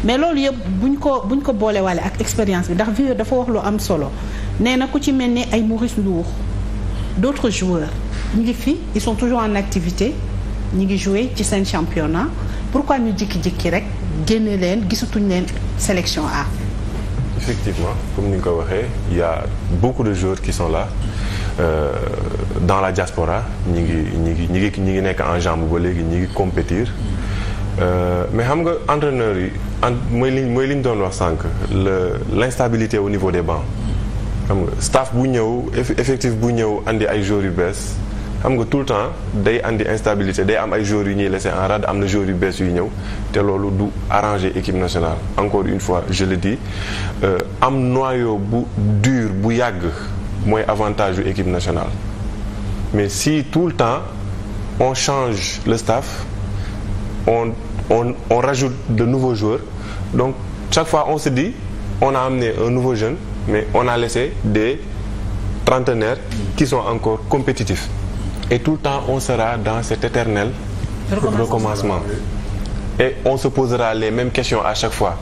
mais loolu yëpp buñ ko buñ ko boole boolewaale ak expérience bi ndax vieux dafa wax lu am solo nee na ku ci mel ni ay Maurice Ndour d'autres joueurs ñu ngi fi ils sont toujours en activité ñu ngi jouer ci seen championnat pourquoi ñu jikki-jikki rek génne leen gisatuñ leen sélection A effectivement comme ni nga ko waxee il y beaucoup de joueurs qui sont là euh, dans la diaspora ñu ngi ñu ngi ñi ngi ñi ngi nekk en jambe ba léegi ñi ngi compétir Euh, mais xam nga entraîneur yi en mooy li mooy li ñu doon wax sànq le l'instabilité au niveau des bancs xam nga staff bu ñëw effectif bu ñëw andi ay joueurs yu bees xam nga tout le temps day andi instabilité day am ay joueurs yu ñuy laissé en rade am na joueurs yu bees yu ñëw te loolu du arranger équipe nationale encore une fois je le dis euh, am noyau bu dur bu yàgg mooy avantage yu équipe nationale mais si tout le temps on change le staff on on rajoute de nouveau jour donc chaque fois on se dit on a amené un nouveau jeune mais on a laissé des trentenaires qui sont encore compétitifs. Et tout le temps, on sera dans cet éternel recommencement. Et on se posera les mêmes questions à chaque fois.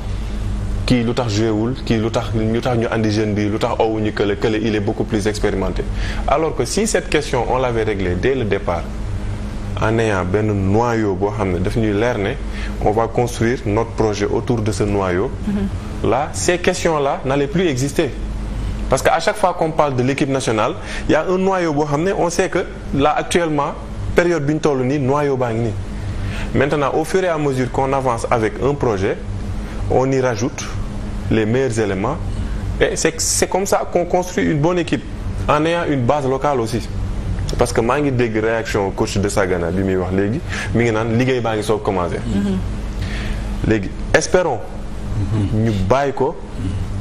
kii lu tax joué wul kii lu tax ñu tax ñu andi jeune bi lu tax owuñu kële kële il est beaucoup plus expérimenté alors que si cette question on l'avait réglée dès le départ en ayant benn noyau boo xam ne daf ñuy leer ne on va construire notre projet autour de ce noyau. Mm-hmm. là ces questions-là les plus exister. parce que à chaque fois qu'on parle de l'équipe nationale il y a un noyau boo xam ne on sait que là actuellement période bi ñu toll nii noyau baa ngi maintenant au fur e à mesure qu'on avance avec un projet on y rajoute les meilleurs éléments et c'est comme ça qu'on construit une bonne équipe en ayant une base locale aussi. parce que maa ngi dégg réaction coach de Sagana bi muy wax léegi mi ngi naan liggéey baa ngi soog commencé. léegi espérons. ñu bàyyi ko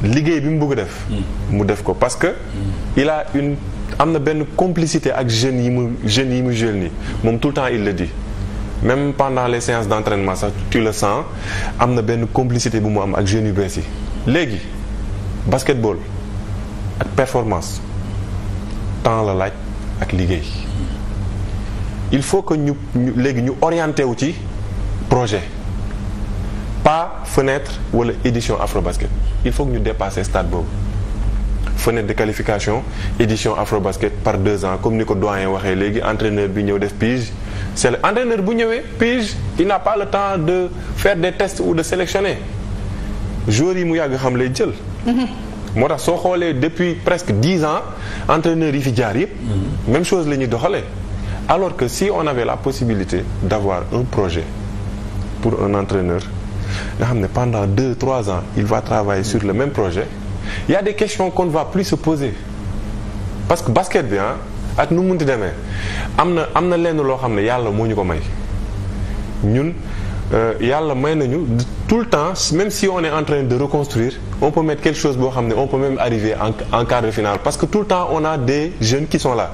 liggéey bi mu bugg def. mu def ko parce que. il a une am na benn complicité ak jeunes yi mu jeunes yi mu jël nii moom tout le temps il le dit. même pendant les séances d'entraînement sax tu le sens am na benn complicité bu mu am ak jeunes yu bees yi. léegi basketball ak performance temps la laaj. ak liggéey il faut que ñu ñu léegi ñu orienté wu ci projet pa fenêtre wala édition afrobasket il faut que ñu dépasser stade boobu fenêtre de qualification édition afrobasket par deux ans comme ni ko doyen waxee léegi entraîneur bi ñëw def pige c'est l'entraîneur bu ñëwee pige il n'a pas le temps de faire des tests ou de sélectionner joueurs yi mu yàgg xam lay jël mm-hmm. moo tax soo xoolee depuis presque dix ans entraîneurs yi fi jaar yëpp. Mhm. même chose la ñuy doxalee. alors que si on avait la possibilité d'avoir un projet pour un entraîneur nga xam ne pendant deux trois ans il va travailler sur le même projet il y a des questions qu'on ne va plus se poser parce que basket bi ah ak nu mun munti demee am na am na lenn loo xam ne yàlla moo ñu ko may ñun. Euh, yàlla may nañu tout le temps même si on est en train de reconstruire on peut mettre quelque chose boo xam ne on peut même arriver en en quart de finale parce que tout le temps on a des jeunes qui sont là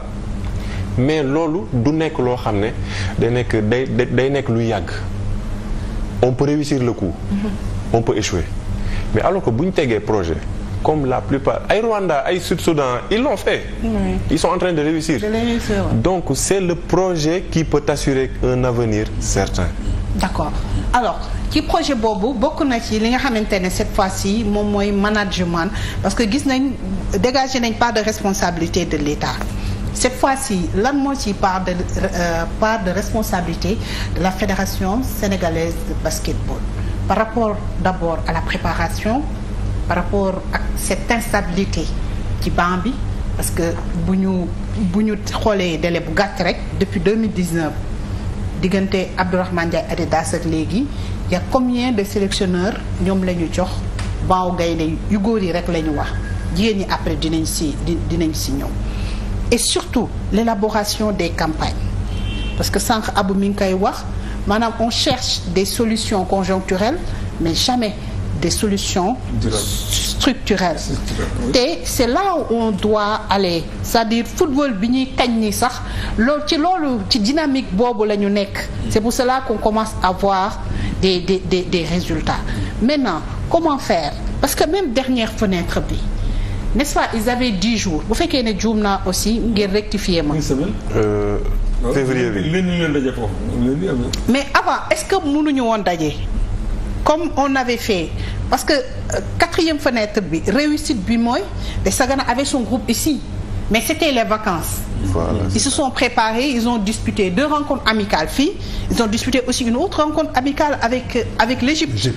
mais loolu du nekk loo xam ne day nekk day day nekk luy yàgg on peut réussir le coup on peut échouer mais alors que bu ñu tegee projet comme la plupart ay Rwanda ay Sud-Soudan ils l'ont fait oui. ils sont en train de réussir, donc c'est le projet qui peut assurer un avenir certain d'accord alors ci projet boobu bokk na ci li nga xamante ne cette fois-ci moom mooy management parce que gis nañ dégagé nañ part de responsabilité de l'État cette fois-ci lan moo ci part de euh, part de responsabilité de la Fédération sénégalaise de basketball par rapport d'abord à la préparation par rapport ak cette instabilité ci banc bi parce que bu ñu bu ñu xoolee délai bu gàtt rek depuis 2019 diggante Abdourahmane Ndiaye Adidas ak léegi y' a combien de sélectionneurs ñoom la ñu jox baaw gaynde yu góor yi rek la ñu wax jigéen ñi après dinañ si dinañ si ñëw. et surtout l' des campagnes parce que sànq abu mi ngi koy wax maanaam on cherche des solutions conjoncturelles mais jamais. des solutions structurelles te c'est là où on doit aller c'est-à-dire football bi ñuy kañ ni sax loolu ci loolu ci dynamique boobu la ñu nekk c'est pour cela ko commence à voir des des des des résultats maintenant comment faire parce que même dernière fenêtre bi n'est-ce pas ils avaient dix jours bu fekkee ne juum naa aussi ngeen rectifier ma. février bi mais avant est-ce que ñu woon daje. comme on avait fait parce que euh, quatrième fenêtre bi réussite bi mooy de Sagana avec son groupe ici mais c'était les vacances. Voilà, ils se sont préparés ils ont disputé deux rencontres amicales fii ils ont disputé aussi une autre rencontre amicale avec euh, avec l'Égypte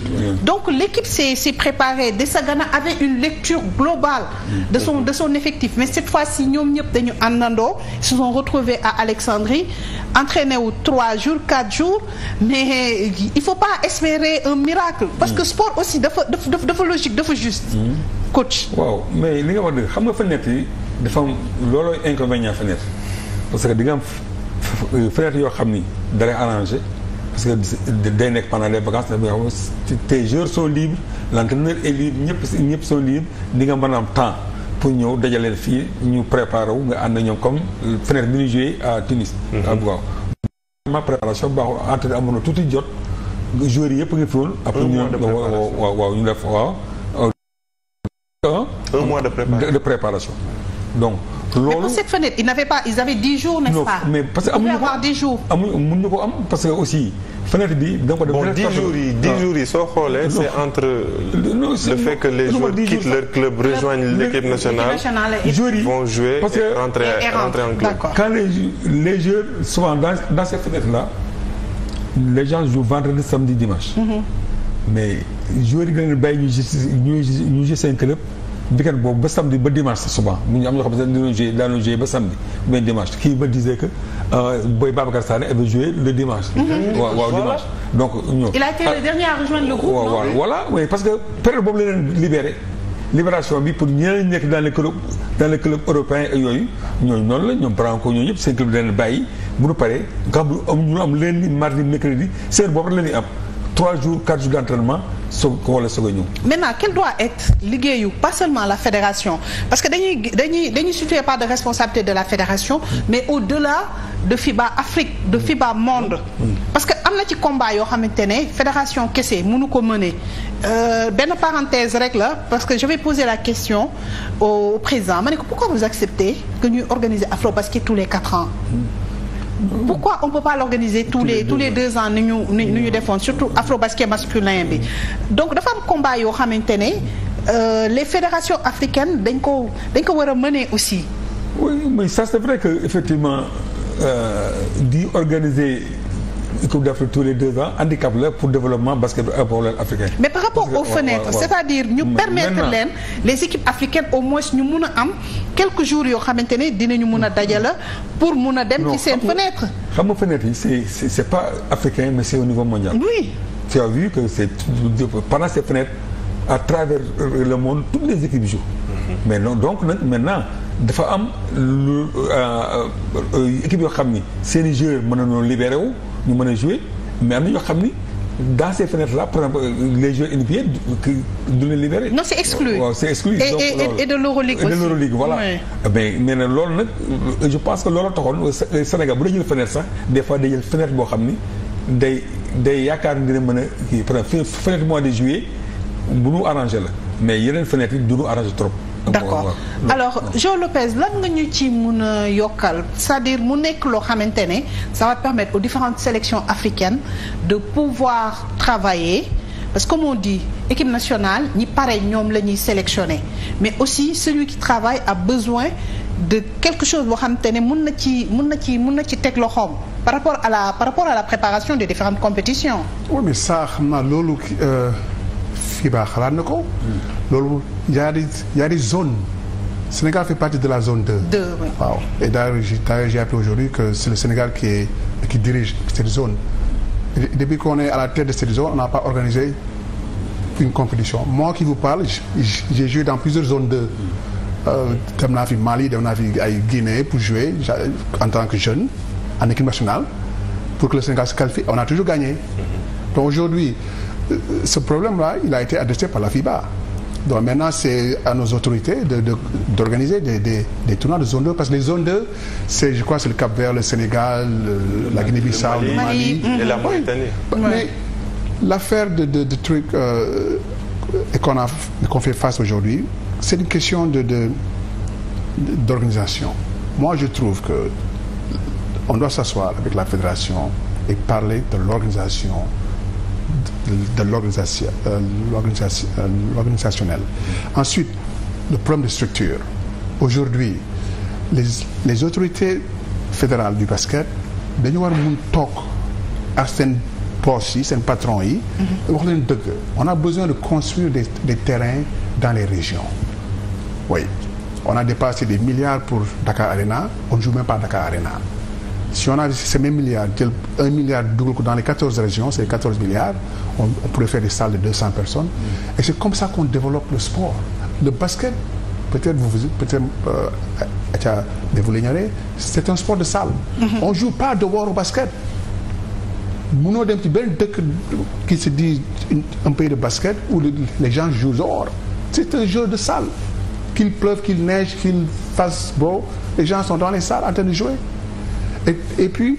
donc l'équipe s'est s'est préparée Desagana avait une lecture globale de son de son effectif mais cette fois-ci ñoom ñëpp dañu àndandoo ils se sont retrouvés à Alexandrie entraîné wu trois jours quatre jours mais euh, il faut pas espérer un miracle parce que sport aussi dafa dafa dafa logique dafa juste hmm. coach waaw mais li nga wax dëgg xam nga fa nekk dafa am loolooy inconvénient fenêtre parce que di nga am fenêtre yoo xam ni dalay arrangé parce que day nekk pendant les te dafa yoo xam tes joueurs sont libres l'entraîneur libre ñëpp ñëpp sont libres di nga mën am temps pour ñëw dajaleel fii ñu préparé wu nga ànd ñoom comme fenêtre bi ñu joué à Tunis à Bougaou ma amoon na tuuti jot joueurs yëpp nga fi woon ñu waaw waaw ñu def waaw un mois de préparation donc loolu mais pour mais parce que amuñu ko dix jours. ko am parce que aussi fenêtre bi. da nga ko def bon soo xoolee. c'est entre le fait que les joueurs quittent leur club rejoignent l'équipe nationale. joueurs yi vont jouer et rentrer en club. quand les les joueurs souvent dans dans ces fenêtres là les gens jouent samedi dimanche. Mm-hmm. mais joueurs yi nga leen bàyyi ñu ñu seen club. weekend boobu ba samedi ba dimanche souvent mu ñu ñoo xam ne dañoo joué daanoo joué ba samedi ba dimanche kii me disait que euh, Boy Babacar Sané avait joué le dimanche. Mm-hmm. waaw waaw a été le ah. waaw voilà oui parce que période boobu la leen libéré. libération bi pour ñeneen nekk dans les clubs dans les clubs européens yooyu ñooñu noonu la ñoom Branco ñooñu ñëpp seen club dañ leen bàyyi bu ñu paree nga xam ñu am lundi mardi mercredi seen boobu la am 3 jours 4 jours d' soog ko wala soog maintenant quel doit être liggéeyu pas seulement la fédération parce que dañuy dañuy dañuy situer pas de responsabilité de la fédération mais au-delà de FIBA Afrique de FIBA monde. parce que am na ci combat yoo xamante ne fédération kese mënu ko mëne euh, benn parenthèse rek la parce que je vais poser la question au président ma ne ko pourquoi vous acceptez que ñuy parce que tous les quatre ans. Mm. pourquoi on peut pas l'organiser tous les tous les deux ans ni ñu ni ñu defoon surtout afrobasket masculin bi donc dafa am combat yoo xamante ne euh, les fédérations africaines dañ ko dañ ko war a mener aussi oui mais ça c'est vrai que effectivement euh, di organiser coupe d'Afrique tous les deux ans handicap la pour développement basket football euh, africain. mais par rapport aux euh, fenêtres c'est-à-dire ñu permettre leen les équipes africaines au moins ñu mun a am quelques jours yoo xamante ne dinañu mun a dajala pour mun a dem ci seen fenêtre xam nga fenêtre yi c'est c'est pas africain mais c'est au niveau mondial oui tu as vu à travers euh, le monde toutes les équipes jouent mm-hmm. mais non donc nag maintenant dafa am lu équipe yoo xam ni seen i joueurs mën na noonu wu ñu mën a jouer mais am na ñoo xam ni dans ces fenêtres là par exemple les joueurs NBA duñu libéré. non c'est exclu waaw c'est exclu. et de l'Euroleague aussi voilà. mais mais nag loolu nag euh, je pense que lool loolu taxoon euh, euh, Sénégal bu dee jël fenêtre sax des fois day jël fenêtre boo xam ni day day yaakaar dina mën a kii par exemple fenêtre mois de juillet bu nu arrangé la mais yeneen fenêtre yi du nu arrangé trop. d'accord alors Joe Lopez lan nga ñu ci mun a yokkal c'est-à-dire mu nekk loo xamante ne ça va permettre aux différentes sélections africaines de pouvoir travailler parce que comme on dit équipe nationale ñi pare ñoom la ñuy sélectionner mais aussi celui qui travaille a besoin de quelque chose boo xamante ne mun na ci mun na ci mun na ci teg loxoom par rapport à par rapport à la préparation des différentes compétitions oui mais ça xam naa loolu euh, FIBA xalaat na ko. loolu y a des y a des zones Sénégal fait partie de la zone de 2 oui. waaw et d'ailleurs j'ai appris aujourd'hui que c'est le Sénégal qui dirige cette zone. depuis qu'on est à la tête de cette zone on n'a pas organisé une compétition moi qui vous parle j'ai joué dans plusieurs zones 2. Euh, dem naa fi Mali dem naa fi ay Guinée pour jouer en tant que jeune en équipe nationale pour que le Sénégal se qualifie on a toujours gagné. donc aujourd'hui ce problème-là, il a été adressé par la FIBA. Donc maintenant, c'est à nos autorités d'organiser de, de, des, des, des, tournois de zone 2, parce que les zones 2, c'est, je crois, c'est le Cap Vert, le Sénégal, le, le la Guinée-Bissau, le Mali, Mali. Mali. et la Mauritanie. Oui. Mais ouais. l'affaire de, de, trucs euh, qu'on qu fait face aujourd'hui, c'est une question d'organisation. Moi, je trouve que on doit s'asseoir avec la fédération et parler de l'organisation de l'organisation, euh, euh, organisationnelle. Ensuite, le problème de structure. Aujourd'hui, les, les autorités fédérales du basket dañu war mun toog ak seen boss yi seen patron yi mm-hmm. wax leen on a besoin de construire des, des terrains dans les régions oui on a dépassé des milliards pour Dakar Arena on joue même pas Dakar Arena si on a ces mêmes milliards jël un milliard dugal ko dans les quatorze régions c'est quatorze milliards on, on pourrait faire des salles de deux cent personnes et c'est comme ça qu'on développe le sport le basket peut-être vous peut-être euh, mais vous l'ignorez c'est un sport de salle mhm. on joue pas ci benn dëkk qui se dit un pays de basket où les gens jouent dehors c'est un jeu de salle qu'il pleuve qu'il neige qu'il fasse beau les gens sont dans les salles en de jouer et, et puis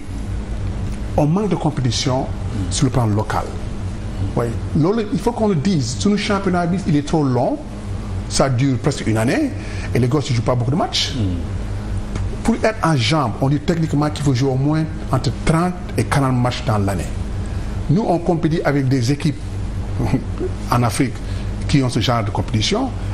on manque de compétition sur le plan local oui loolu il faut qu'on le dise suñu championnat bi il est trop long ça dure presque une année et les gosses ne jouent pas beaucoup de matchs mm. pour être en jambes on dit techniquement qu'il faut jouer au moins entre trente et quarante matchs dans l'année nous on compétit avec des équipes en Afrique qui ont ce genre de compétition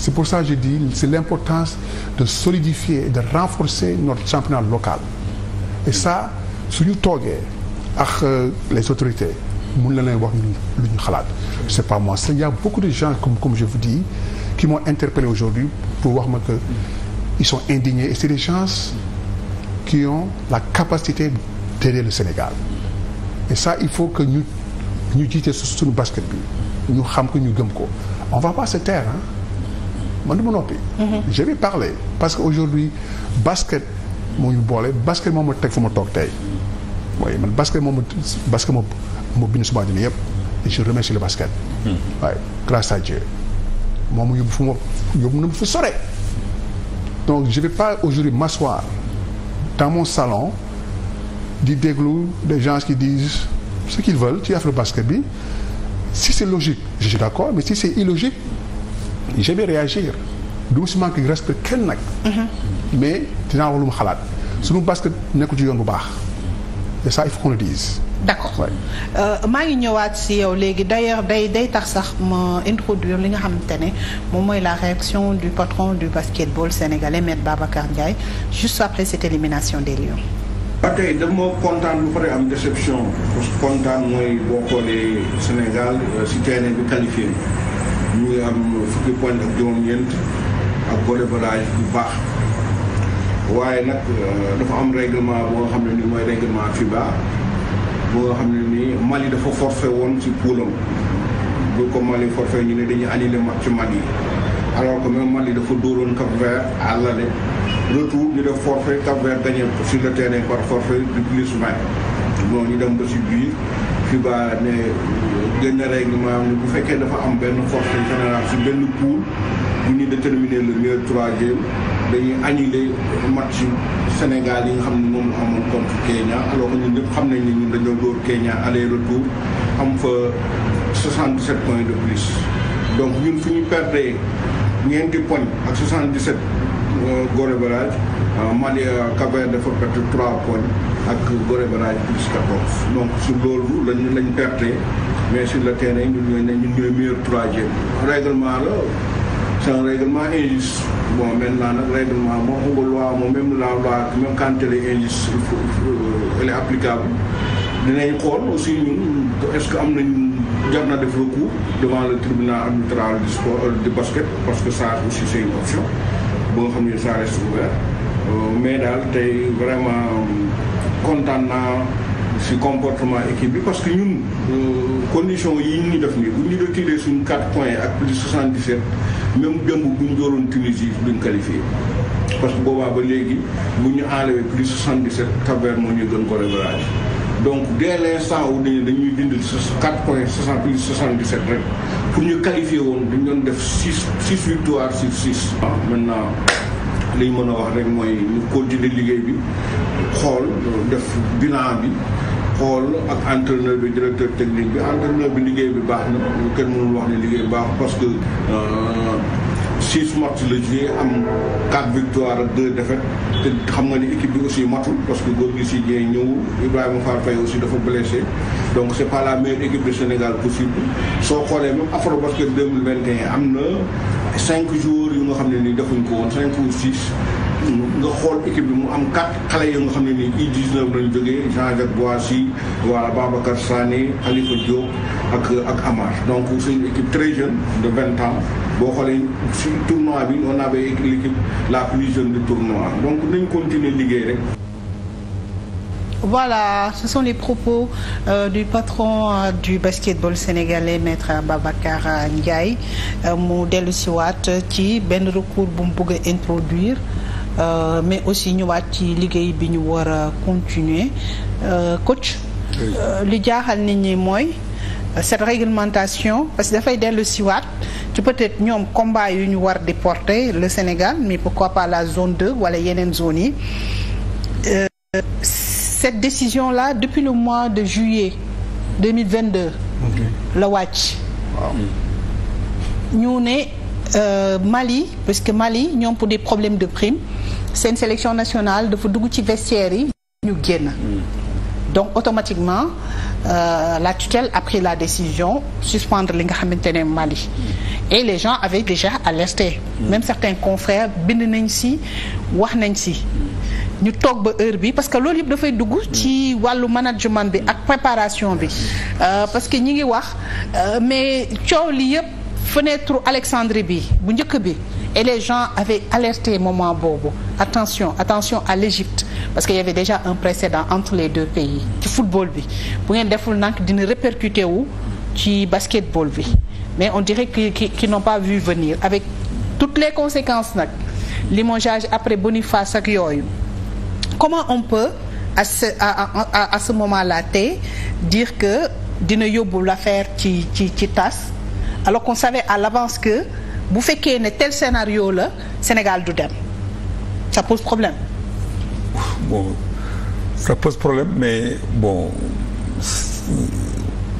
C'est pour ça que je dis, c'est l'importance de solidifier et de renforcer notre championnat local. Et ça, si nous avec les autorités, nous C'est pas moi. Il y a beaucoup de gens, comme, comme je vous dis, qui m'ont interpellé aujourd'hui pour voir que ils sont indignés. Et c'est des gens qui ont la capacité d'aider le Sénégal. Et ça, il faut que nous, nous disions sur le basket. Nous savons que nous On ne va pas se man du ma noppi. Mhm. je vais parler parce que aujourd'hui basket moo ñu boole basket moom ma teg fu ma toog tey waaye man basket moom basket moom moo bind suba dina yëpp et l remercie le basket. Hmm. waaye grâce à Dieu moom mu yóbbu fu ma yóbbu na ma je vais pas aujourd'hui m'asseoir dans salon di déglu des gens qui disent ce qu'ils veulent ci affaire basket bi si c'est logique je suis d'accord mais si c'est illogique. je vais réagir du si manqué respect kenn nag. mais dinaa wax lu mu xalaat suñu basket nekkul ci yoon bu baax et ça il euh, maa ngi ñëwaat si yow léegi d'ailleurs day day tax sax ma introduire li nga xamante ne moom mooy la réaction du patron du basketball sénégalais maître Babacar Ndiaye juste après cette élimination des Lions. ba tey dama kontaan bu pare am déception parce kontaan mooy boo xoolee Sénégal si euh, terrain bi qualifié. ñu ngi am fukki point ak juróom-ñeent ak volet barrage bu baax waaye nag euh, dafa am règlement boo nga xam ne nii mooy règlement FIBA boo nga xam ne nii Mali dafa forfait woon ci poulam bu ko Mali forfait ñu ne dañuy annulé match ci Mali alors que même Mali dafa dóoroon Cap Vert à l'aller ñu def forfait Cap Vert gagné sur le terrain par forfait du plus 20 bon ñu dem ba si biir Cuba ne gën na règlement ne bu fekkee dafa am benn force générale si benn poule bu ñu déterminer le meilleur troisième dañuy annuler match Sénégal yi nga xam ne moom amoon contre Kenya alors que ñun ñëpp xam nañ ne ñun dañoo dóor Kenya aller retour am fa 67 points de plus donc ñun fu ñu perdee ñeenti poñ ak 77 goal average Euh, Mali euh, Cap-Vert dafa perte 3 points ak Gorée Barrage plus 14 donc su loolu lañ lañ perte mais sur le terrain ñun ñooy ne ñun ñooy meilleur la c'est un règlement injuste bon maintenant nag règlement moom xam nga loi moom même la loi même quand elle est euh, applicable dinañ xool aussi ñun est que am nañu jar na def recours devant le tribunal arbitral du sport du basket parce que ça aussi c'est une boo xam ne ça reste Euh, mais daal tey vraiment kontaan naa si comportement équipe bi parce que ñun euh, condition yi ñu def nii bu ñu retiré suñu 4 points ak plus 77 même démb bu ñu dooroon Tunisie duñ qualifié parce que boobaa ba léegi bu ñu enlevé plus 77 Cap-Vert moo ñu gën ko révérage donc dès l'instant où dañu dañuy dindil 4 points 60 plus 77 rek pour ñu qualifié woon dañ doon def 6 6 victoires sur mën naa lañ mën a wax rek mooy ñu continuer liggéey bi xool def bilan bi xool ak entraîneur bi directeur technique bi entraîneur bi liggéey bi baax na kenn mënul wax ne liggéey baax parce que euh, six matchs la joué am quatre victoires ak deux défaites te xam nga ni équipe bi aussi matul parce que góor gi si ñëw Ibrahima Fall Faye aussi dafa blessé donc c' est pas équipe du Sénégal possible soo xoolee même Afro Basket 2021 am na cinq jours yu nga xam ne nii defuñ ko woon cinq ou six nga xool équipe bi mu am quatre xale yu nga xam ne nii U19 lañ jógee Jean-Jacques Boissy voilà Babacar Sané Khalifa Diop ak ak Amar donc c'est une équipe très jeune de vingt temps boo xoolee si tournoi bi on avait l'équipe la plus jeune du tournoi donc nañ continuer liggéey rek Voilà, ce sont les propos euh, du patron euh, du basketball sénégalais maître Babacar Ndiaye euh, mu dellu si waat ci benn recours bu mu bëgg a introduire mais aussi ñëwaat ci liggéey bi ñu war a continuer coach li jaaxal nit ñi mooy cette réglementation parce que dafay dellu waat ci peut-être ñoom combat yu ñu war di porter le Sénégal mais pourquoi pas la zone 2 wala yeneen zone yi cette décision-là depuis le mois de juillet 2022. Okay. la wàcc. ñu wow. ne euh, Mali parce que Mali ñoom pour des problèmes de prime seen sélection nationale dafa dugg ci vestiaire yi. ñu génn. donc automatiquement euh, la tutelle a pris la décision suspendre li nga xamante ne Mali et les gens avaient déjà alerté. Mm. même certains confrères bind nañ si wax nañ si. ñu toog ba heure bi parce que loolu yëpp dafay dugg ci wàllu management bi ak préparation bi euh, parce que ñi ngi wax euh, mais coow li yëpp fenêtre Alexandrie bi bu njëkk bi et les gens avaient alerté moment boobu attention attention à l'Égypte parce qu'il y avait déjà un précédent entre les deux pays ci football bi bu ngeen deful nag dina répercuté wu ci basketball bi mais on dirait que qu'ils n'ont pas vu venir avec toutes les conséquences nag limogeage après Boniface ak yooyu comment on peut à ce à ce moment-là tey dire que dina yóbbu l'affaire ci ci ci tas alors qu'on savait à l'avance que bu fekkee ne tel scénario la Sénégal du dem ça pose problème. bon ça pose problème mais bon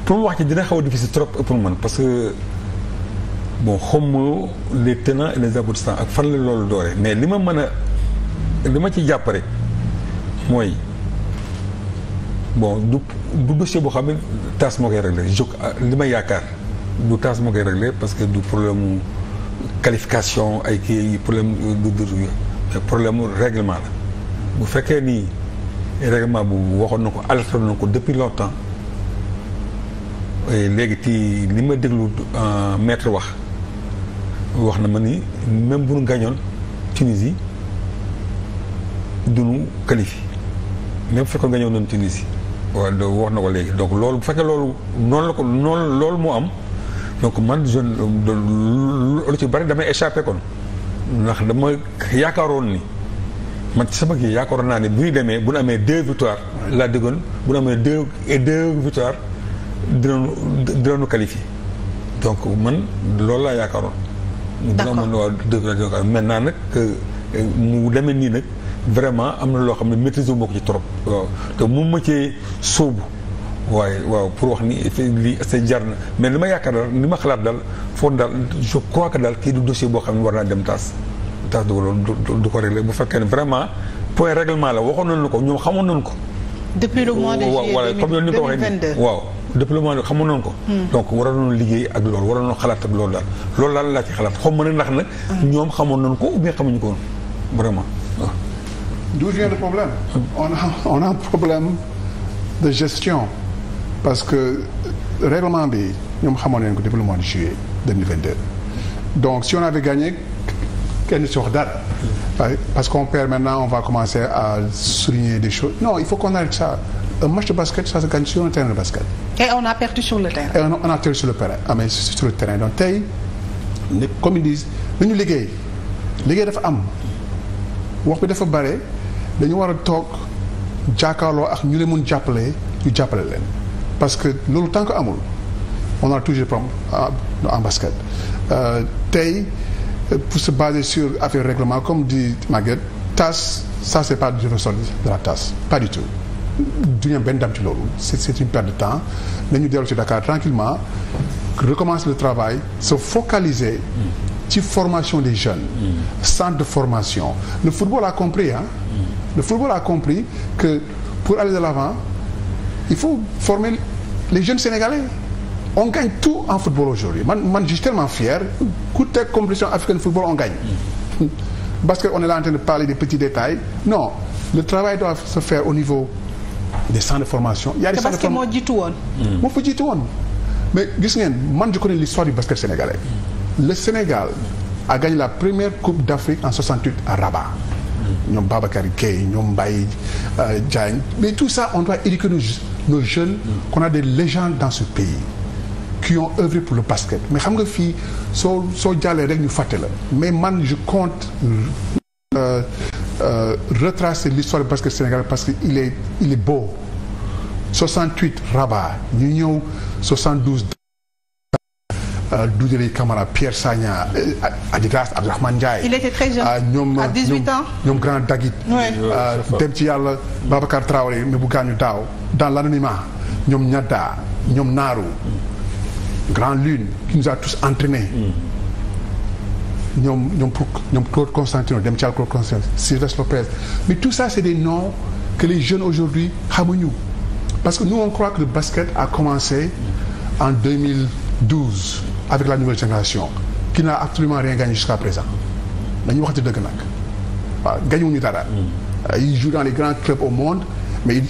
pour mu wax ci dina xaw a difficile trop pour man parce que bon xawma les tenants et les aboutissants ak fan la loolu dooree mais li ma mën a li ma ci jàpp rek mooy bon du du dossier boo xam ne taas moo koy réglé je li ma yaakaar du taas moo koy réglé parce que du problème qualification ay kii problème du du mais problème mu règlement bu fekkee ni règlement bu waxoon na ko alerté na ko depuis longtemps léegi ci li ma déglu euh, maître wax wax na ma ni même bu nu gañoon Tunisie du nu qualifié même fekkoon nga ñëw noonu Tunisie. waaw loolu wax na ko léegi donc loolu bu fekkee loolu noonu la ko noonu loolu moo am donc man jeune lu ci bari damay échappé kon ndax dama yaakaaroon ni man ci sama kii yaakaaroon naa ne bu ñu demee bu amee deux victoires laa déggoon bu ñu amee deux et deux victoires dinañu dinañu donc man loolu laa yaakaaroon. d'accord bu ñu nag euh, mu demee nii nag. vraiment am na loo xam ne maîtriser wu ma ko ci trop. waaw te mu ma cee sóobu waaye waaw pour wax ni lii seen jar na mais li ma yaakaar daal li ma xalaat daal foofu daal je crois que daal kii du dossier boo xam ne war naa dem taas taas du ko du ko réglé bu fekkee ne vraiment point règlement la waxoon nañu ko ñoom xamoon nañu ko. depuis le mois de juillet 2022 waaw depuis le mois de xamoon nañu ko. Hmm. donc waroon liggéey ak loolu waroon xalaat ak loolu daal loolu daal laa ci xalaat xaw ma a ndax nag. Hmm. ñoom xamoon nañu ko ou bien xamuñu ko woon vraiment. D'où vient le problème on a, on a problème de gestion parce que règlement bi ñoom xamoon nañu ko depuis le mois de juillet 2022 donc si on avait gagné kenn si wax dara parce qu'on perd maintenant on va commencer à souligner des choses non il faut qu'on arrête ça un match de basket ça se gagne sur le terrain de basket. et on a perdu sur le terrain. on a perdu sur le terrain ah sur le terrain donc tey comme ils disent nañu liggéey liggéey dafa am wax bi dafa bare. dañu war a toog jàkkaarloo ak ñu leen mun jàppale ñu jàppale leen parce que loolu tant que amul on a toujours problème ah, en basket euh, tey pour se baser sur affaire règlement comme dit Maguette TAS ça c'est pas du ressort de la TAS pas du tout duñu am dam ci loolu c'est une perte de temps nañu dellu ci Dakar tranquillement recommence le travail se focaliser ci formation des jeunes mm. centre de formation le football a compris Le football a compris que pour aller de l'avant, il faut former les jeunes Sénégalais. On gagne tout en football aujourd'hui. Man, man, je suis tellement fier. Coûte compétition africaine football, on gagne. Parce qu'on est là en de parler des petits détails. Non, le travail doit se faire au niveau des centres de formation. Il y a des centres de formation. Parce que moi, Mais, Le Sénégal a gagné la première Coupe d'Afrique en 68 à Rabat. ñoom Babacar Gueye ñoom Mbaye euh, Diagne mais tout ça on doit éduquer nos nos jeunes qu'on a des légendes dans ce pays qui ont œuvré pour le basket mais xam nga fii soo soo jàllee rek ñu fàtte la mais man je compte euh, euh, retracer l'histoire du basket sénégalais parce que il est il est beau 68 Rabat ñu ñëw 72 Euh, Doudélé Camara Pierre Sagna euh, Adidas Abdourahmane Ndiaye. Euh, ñoom grand Dagit. dem ci yàlla Babacar Traoré mais bu gaañu daaw dans l'anonymat ñoom ñadda ñoom naaru grand lune qui nous a tous entraînés ñoom ñoom pour ñoom Claude Constantino dem ci yàlla Claude Constantino Sylvestre Lopez mais tout ça c'est des noms que les jeunes aujourd'hui xamuñu parce que nous on croit que le basket a commencé en 2012 avec la nouvelle génération qui n'a absolument rien gagné jusqu'à présent dañuy dara. Mm. ils jouent dans les grands clubs au monde mais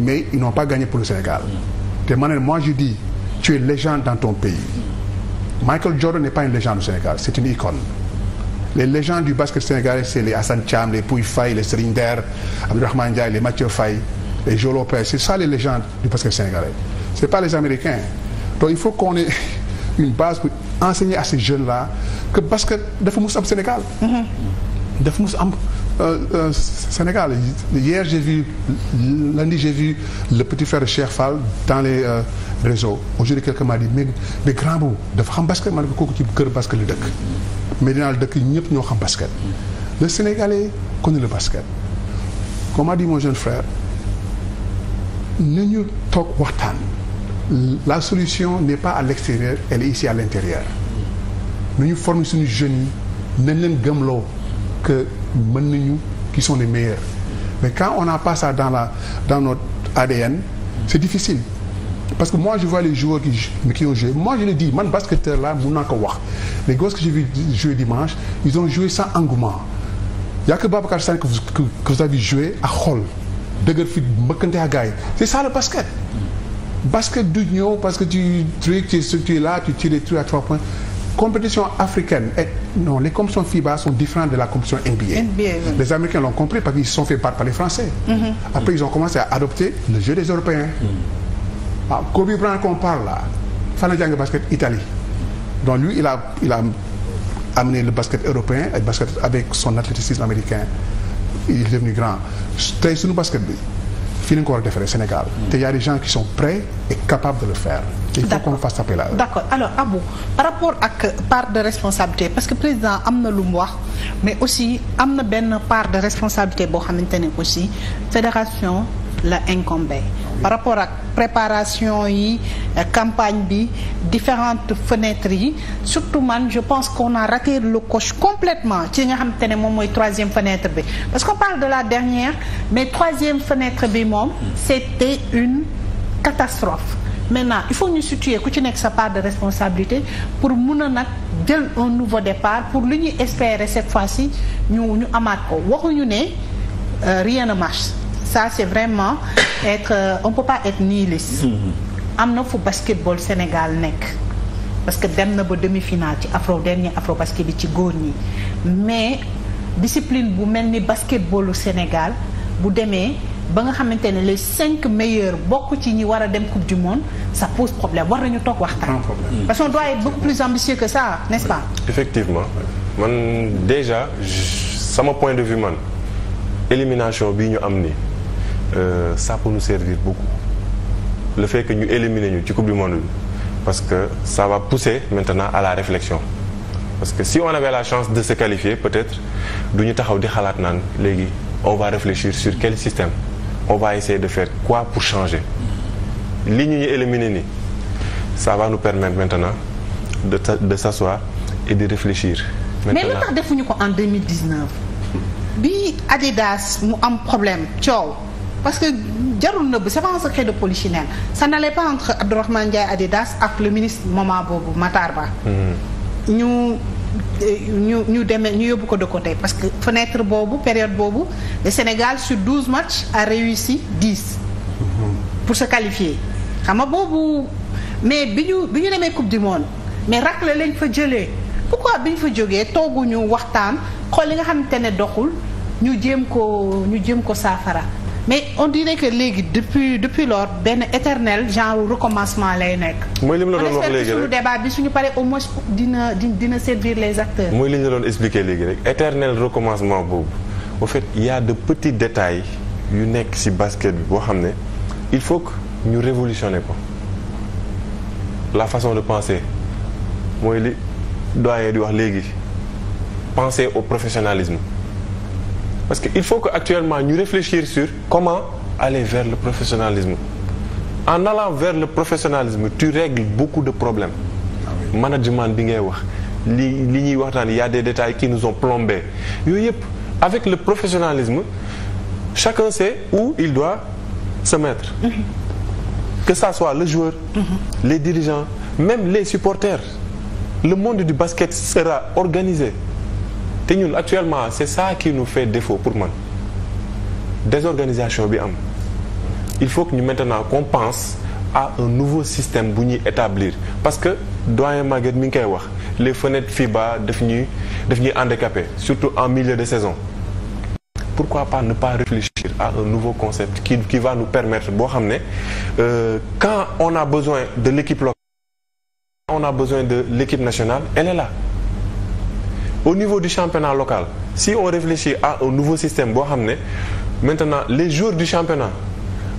mais ils n'ont pas gagné pour le Sénégal mm. te ma ne moi je dis tu es légende dans ton pays Michael Jordan n'est pas une légende au Sénégal c'est une icône les légendes du basket sénégalais c'est les Assane Thiam les Pouye Faye les Serigne Der Abdourahmane Ndiaye les Mathieu Faye les Jolopé c'est ça les légendes du basket sénégalais c'est pas les une base pour enseigner à ces jeunes là que basket dafa mus am Sénégal. dafa mus am euh, euh, Sénégal hier j'ai vu lundi j'ai petit frère Cheikh Fall dans les euh, réseaux aujourd'hui quelqu'un m'a mais mais grand boobu dafa xam basket ma kooku ci kër basket la dëkk mais dinaa dëkk ñëpp ñoo xam basket le Sénégalais connaît le basket comme a mon jeune frère nañu toog waxtaan la solution n'est pas à l'extérieur elle est ici à l'intérieur nu ñu former suñu jeunes yi nañ leen gëmloo que mën nañu qui sont les meilleurs mais quand on n'a pas dans la dans notre ADN c'est difficile parce que moi je vois les joueurs qui qui ont joué moi je le dis man basketteur là mun naa ko wax les gosses que j'ai vu jouer dimanche ils ont joué sans engouement y a que Babacar Sané que vous avez joué ak xol dëgër fit mbëkkante ak gars c'est ça le basket basket du ñëw parce que tu truc tu structures là tu tires des trucs à trois points compétition africaine et non les compétitions FIBA sont différentes de la compétition NBA. les Américains l'ont compris parce qu'ils sont fait part par les Français. Mm-hmm. après ils ont commencé à adopter le jeu des Européens. Mm. ah Kobe Bryant qu'on parle là la jàng basket Italie donc lui il a il a amené le basket européen avec son athléticisme américain il devenu grand tey suñu basket bi. fii la ñu ko Sénégal. Mm. te y a des gens qui sont prêts et capables de le faire. il faut qu'on fasse appel à eux. d'accord alors Abou par rapport ak part de responsabilité parce que président am na lu mu wax mais aussi am na benn part de responsabilité boo xamante ne aussi fédération. la incombé par rapport ak préparation yi euh, campagne bi différentes fenêtres yi surtout man je pense qu'on a raté le coche complètement ci nga xamante ne moom mooy troisième fenêtre bi parce qu'on parle de la dernière mais troisième fenêtre bi moom c'était une catastrophe maintenant il faut ñu situer ku ci nekk sa part de responsabilité pour mun a nag jël un nouveau départ pour lu ñuy espérer cette fois-ci ñu ñu amaat ko waxuñu ne euh, rien ne marche ça c'est vraiment être on peut mm-hmm. am na fu basketball Sénégal nekk parce que dem na ba demi-finale ci afro dernier afro basket bi ci góor ñi mais discipline bu mel ni basketballu Sénégal bu demee ba nga xamante ne les cinq meilleurs bokk ci ñi war a dem coupe du monde ça pose problème war nañu toog waxtaan. parce qu'on doit être beaucoup plus ambitieux que ça n'est-ce pas. effectivement man déjà sama point de vue man élimination bii ñu am nii. euh, ça peut nous servir beaucoup le fait que ñu éliminer ñu ci coupe monde bi parce que saa va pousser maintenant à la réflexion parce que si on avait la chance de se qualifier peut-être du ñu taxaw di xalaat naan léegi on va réfléchir sur quel système on va essayer de faire quoi pour changer li ñu ñu éliminer nii ça va nous permettre maintenant de de s'asseoir et de réfléchir. maintenant mais lu tax defuñu ko en 2019 bi Adidas mu am problème coow. parce que jarul nëbb c'est pas un secret de polichinelle ça n'allait pas entre Abdourahmane Ndiaye Adidas ak le ministre moment boobu Matar Ba hmm. ñu ñu ñu demee ñu yóbbu ko de côté parce que fenêtre boobu période boobu le Sénégal sur douze matchs a réussi hmm. pour se qualifier xam nga boobu mais bi ñu bi ñu demee coupe du monde mais raclé lañ fa jëlee pourquoi bi ñu fa jógee tooguñu waxtaan xool li nga xamante ne doxul ñu jéem ko ñu jéem ko saafara mais on dirait que léegi depuis depuis lors benn éternel genre recommencement lay nekk. mooy li mu la doon wax léegi rek bi suñu paree au moins dina dina servir les acteurs. mooy li ñu la doon rek éternel recommencement boobu au fait il de petits détails yu nekk ci basket bi boo xam ne il faut que ñu révolutionner ko la façon de penser mooy li doyen di wax léegi penser au professionalisme parce que il faut que actuellement ñu réfléchir sur comment aller vers le professionnalisme en allant vers le professionalisme tu règles beaucoup de problèmes management bi ngay wax li li ñuy waxtaan y des détails qui nous ont plombés yooyu yëpp avec le professionnalisme chacun sait où il doit se mettre que ça soit le joueur les dirigeants même les supporters le monde du basket sera organisé te ñun actuellement c'est ça qui nous fait défaut pour man désorganisation bi am il faut que ñu maintenant qu'on pense à un nouveau système bu ñuy établir parce que doyen Maguette mi ngi koy wax les fenêtres FIBA def ñuy def ñuy handicapé surtout en milieu de saison pourquoi pas ne pas réfléchir à un nouveau concept qui qui va nous permettre boo xam ne euh, quand on a besoin de l'équipe locale on a besoin de l'équipe nationale elle est là au niveau du championnat local si on réfléchit à un nouveau système boo xam ne maintenant les joueurs du championnat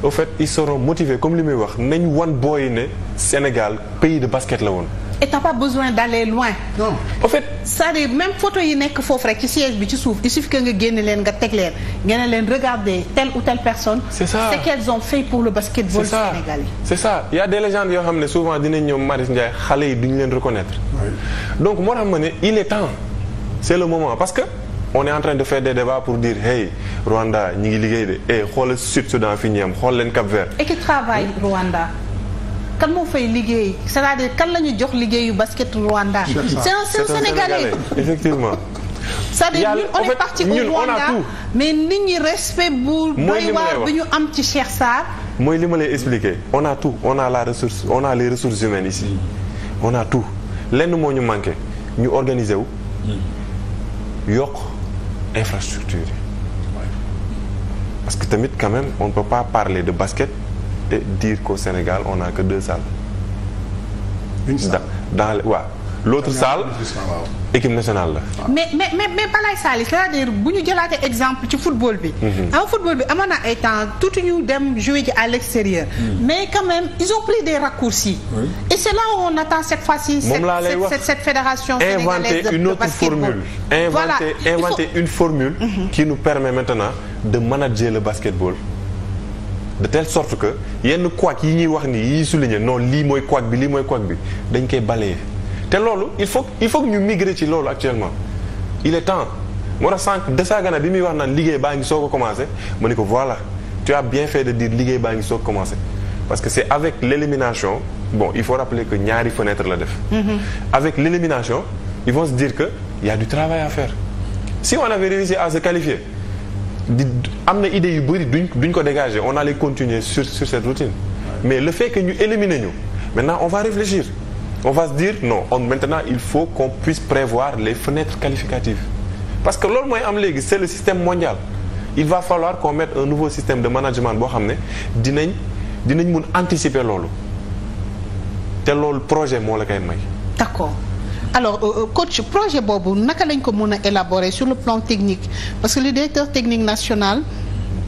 au fait ils seront motivés comme li may wax nañ wan booy ne Sénégal pays de basket la woon. et t'as pas besoin d'aller loin. non fait. c'est-à-dire photo yi nekk foofu rek ci siège bi ci suuf il suffit que nga génne leen nga teg leen nga leen regarder telle ou telle personne. c'est ça ce qu'elles ont fait pour le basketball sénégalais. c'est ça il yoo xam ne souvent dinañ ñëw Marius Ndiaye xale yi duñ leen reconnaître. donc moo tax ma ne il est temps. c'est le moment parce que on est en train de faire des débats pour dire hey Rwanda ñi ngi liggéey de xool eh, xoolal Sud Soudan fi ñu am xool leen Cap Vert. et qui Rwanda. kan moo fay liggéey c'est-à-dire kan la ñu jox liggéeyu basket Rwanda. c'est un c'est un Sénégalais effectivement. c'est-à-dire ñun on est parti au Rwanda mais nit ñi respect bu. doy bi ñu am ci Cheikh Sarr. mooy li ma lay expliquer on a tout on a la ressource on a les ressources humaines ici on a tout moo ñu manqué ñu organiser wu. Hmm. yokk infrastructure yi parce que tamit quand même on ne peut pas parler de basket et dire qu'au Sénégal on n'a que deux salles. une salle dans l'autre salle équipe nationale la. Ah. mais mais mais Balaye Saly c'est-à-dire bu ñu jëlaatee exemple ci football bi. Mhm. am football bi amoon na ay temps tuuti ñu dem jouer ji à l'extérieur. Mhm. mais quand même ils ont pris des raccourcis. et c'est là où on attend cette fois-ci. moom la lay wax cette cette fédération sénégalaise de de une formule. ci mhm. nu permet maintenant de manager le basketball. de telle sort que yenn couac yi ñuy wax ni yi ñuy souligner non lii mooy couac bi lii mooy couac bi dañ koy te loolu il faut il faut que ñu migrer ci loolu actuellement il est temps moo tax sànq Desagana bi muy wax naan liggéey baa ngi soog a commencé ma ni ko voilà tu as bien fait de dire liggéey baa ngi soog a commencé parce que c' avec l' élimination bon il faut rappeler que ñaari fenêtre la def. Mm-hmm. avec l' élimination ils vont se dire que y a du travail à faire si on avait réussi à se qualifier di am na idée yu bëri duñ duñ ko dégager on allait continuer sur sur cette routine mais le fait que ñu éliminer va réfléchir. on va se dire non on maintenant il faut qu'on puisse prévoir les fenêtres qualificatives parce que loolu mooy am léegi c'est le système mondial il va falloir qu'on mette un nouveau système de management boo xam ne dinañ dinañ mun anticiper loolu te loolu projet moo la koy may d'accord alors euh, euh coach projet boobu naka lañ ko mun a élaborer sur le plan technique parce que le directeur technique national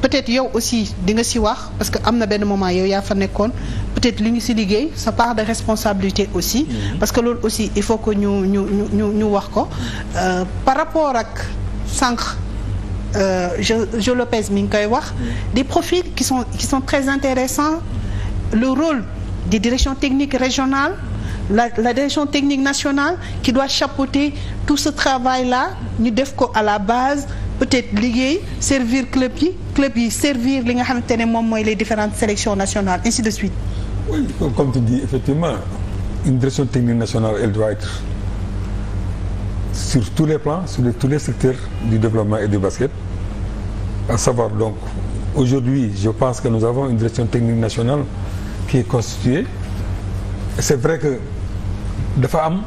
peut-être yow aussi di nga si wax parce que am na benn moment yow yaa fa nekkoon peut-être li ñu si liggéey sa part de responsabilité aussi. Mhm. parce que loolu aussi il faut que ñu ñu ñu ñu wax ko. Euh, par rapport ak sànq euh, je je Lopez mi ngi koy wax. Mhm. des profils qui sont qui sont très intéressants le rôle des directions techniques régionales la la direction technique nationale qui doit chapeauter tout ce travail là ñu def ko à la base. peut-être liggéey servir club yi club yi servir li nga xamante ne moom mooy les différentes sélections nationales ainsi de suite. oui comme tu dis effectivement une direction technique nationale elle doit être sur tous les plans sur les, tous les secteurs du développement et du basket à savoir donc aujourd'hui je pense que nous avons une direction technique nationale qui est constituée c'est vrai que dafa am.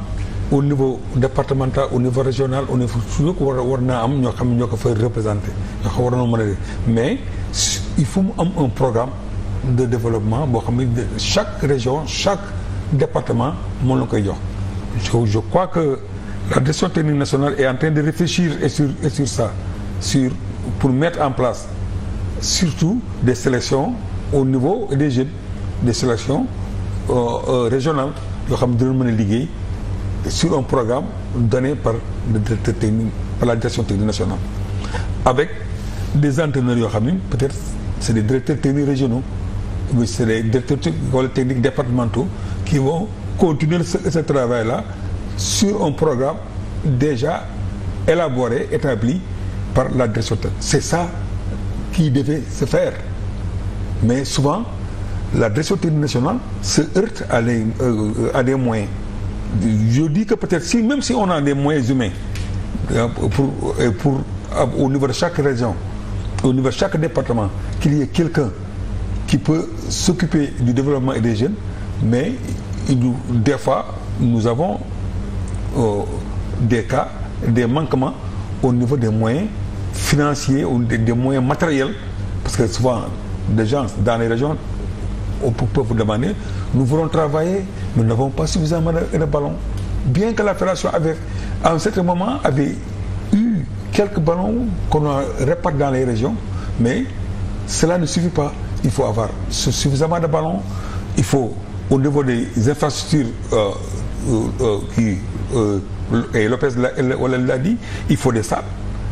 au niveau départemental au niveau régional au niveau toujours war war naa am ñoo xam ñoo ko fay représenté ñoo xam war na mën a mais il faut mu am un programme de développement boo xam ne chaque région chaque département moom la koy jox je crois que la direction technique nationale et en train de réfléchir et sur et sur ça sur pour mettre en place surtout des sélections au niveau des jeunes des sélections euh, euh, yoo xam ne dinañ mën a liggéey sur un programme donné par le directeur technique par la direction technique nationale avec des entraîneurs yoo xam ne peut-être c'est des directeurs techniques régionaux mais c'est des directeurs wala techniques départementaux qui vont continuer ce, ce travail là sur un programme déjà élaboré établi par la direction c'est ça qui devait se faire mais souvent la direction technique nationale se heurte à, euh, euh, à des moyens je di que peut-être si même si on a des moyens humains euh, pour euh, pour euh, au niveau de chaque région au niveau de chaque département qu'il y ait quelqu'un qui peut s'occuper du développement et des jeunes mais nous, des fois nous avons des cas des manquements au niveau des moyens financiers ou des, des moyens matériels parce que souvent de gens dans les régions au peuple demander nous voulons travailler, nous n'avons pas suffisamment de, de ballons. Bien que la fédération avait, à un certain moment, avait eu quelques ballons qu'on réparte dans les régions, mais cela ne suffit pas. Il faut avoir suffisamment de ballons, il faut, au niveau des infrastructures euh, euh, euh qui, euh, et Lopez l'a dit, il faut des salles,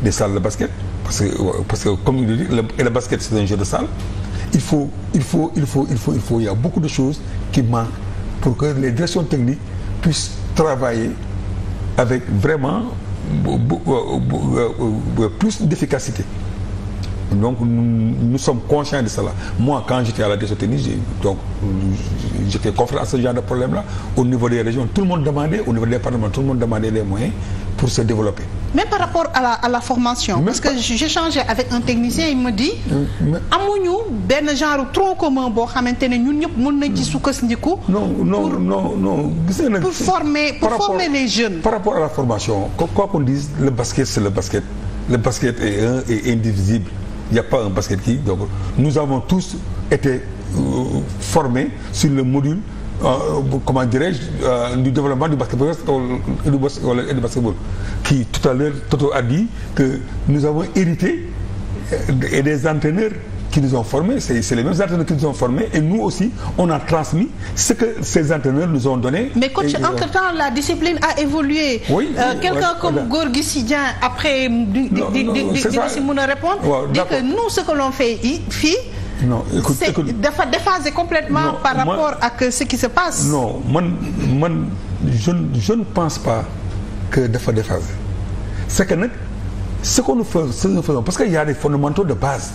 des salles de basket, parce que, parce que comme il dit, le, et le basket c'est un jeu de salle. il faut il faut il faut il faut il faut il y a beaucoup de choses qui manquent pour que les directions techniques puissent travailler avec vraiment plus d'efficacité. donc nous, nous sommes conscients de cela. Moi, quand j'étais à la DSO Tennis, donc j'étais confronté à ce genre de problème-là. Au niveau des régions, tout le monde demandait, au niveau des parlements, tout le monde demandait les moyens pour se développer. Mais par rapport à la, formation, parce que j'ai avec un technicien, il me dit, euh, amuñu benn genre tronc commun boo xamante ne ñun ñëpp mën nañ ci sukkandiku. non non non non gis nañ. pour former les jeunes. par rapport à formation quoi qu'on dise le basket c'est le basket le indivisible. il n'y a pas un basket qui donc nous avons tous été euh, formés sur le module euh, comment dirais-je euh, du développement du basketball et du, qui tout à l'heure Toto a dit que nous avons hérité euh, et des entraîneurs qui nous ont formés, c'est les mêmes entraîneurs qui nous ont formés et nous aussi, on a transmis ce que ces entraîneurs nous ont donné. Mais coach, euh, entre-temps, la discipline a évolué. Oui. Euh, Quelqu'un comme Gorgui Sidien, après, dina si mën a répondre. dit que nous, ce que l'on fait fii. non écoute écoute dafa déphasé complètement par rapport ak ce qui se passe. non man man je je ne pense pas que dafa déphasé c'est que nag ce que nous faisons parce que y a des fondamentaux de base.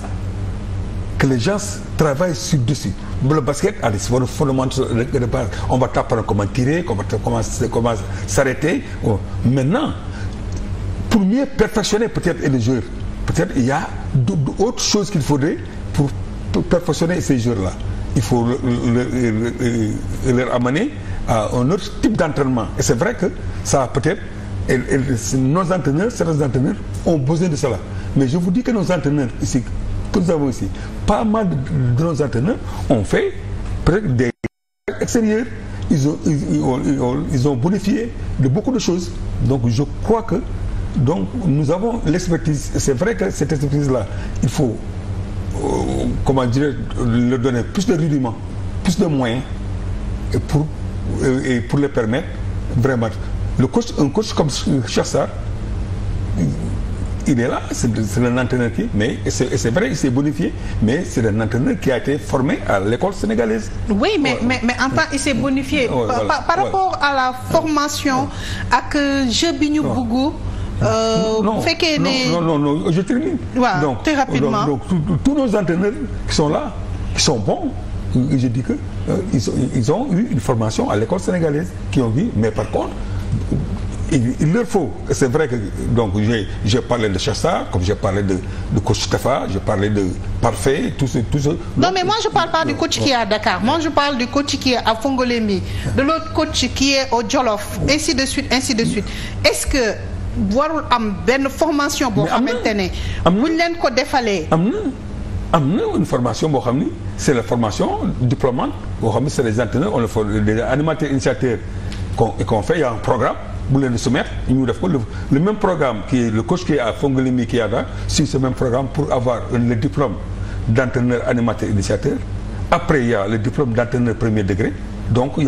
que les gens travaillent sur dessus. Le basket a des fondamentaux de base. On va t'apprendre comment tirer, comment, comment, comment Maintenant, pour mieux perfectionner peut-être les joueurs, peut-être il y a d'autres choses qu'il faudrait pour, pour perfectionner ces joueurs-là. Il faut leur amener à un autre type d'entraînement. Et c'est vrai que ça peut-être, nos entraîneurs, certains entraîneurs ont besoin de cela. Mais je vous dis que nos entraîneurs ici, que nous avons ici pas mal de, nos antennes ont fait peut-être des extérieurs ils ont ils, de beaucoup de choses donc je crois que donc nous avons l'expertise c'est vrai que cette expertise là il faut euh, comment dire leur donner plus de rudiments plus de moyens et pour euh, et pour les permettre vraiment le coach un coach comme Cheikh Sarr il est là, c'est un entraîneur qui, mais c'est vrai, il s'est bonifié, mais c'est un entraîneur qui a été formé à l'école sénégalaise. Oui, mais, ouais. mais, mais en temps, il s'est bonifié. Ouais, par, voilà, par ouais. rapport à la formation, à que euh, je Bignou Bougou, euh, non, fait des... non, non, non, je termine. donc, très rapidement. Donc, donc tous nos entraîneurs qui sont là, qui sont bons, je dis que euh, ils, ils, ont eu une formation à l'école sénégalaise, qui ont dit, mais par contre, il leur faut c'est vrai que donc j'ai j'ai parlé de Chassa comme j'ai parlé de de coach Tafa j'ai parlé de Parfait tout ce tout ce non donc, mais moi je parle pas du qui est à Dakar moi je parle du coach qui est à Fongolemi de l'autre coach qui est au Jolof ainsi de suite ainsi est-ce que warul am benn formation boo xamante ne buñ leen ko defalee am am na formation boo xam ni c'est la formation diplômante boo xam ni c'est les entraîneurs on le fait les animateurs initiateurs qu'on qu'on fait il y a un programme bu leen soumettre ñu def ko le même programme qui est le coach qui est à Fongolimbi Kiada suit ce même programme pour avoir le diplôme d'entraîneur animateur initiateur après il y a le diplôme d'entraîneur premier degré donc il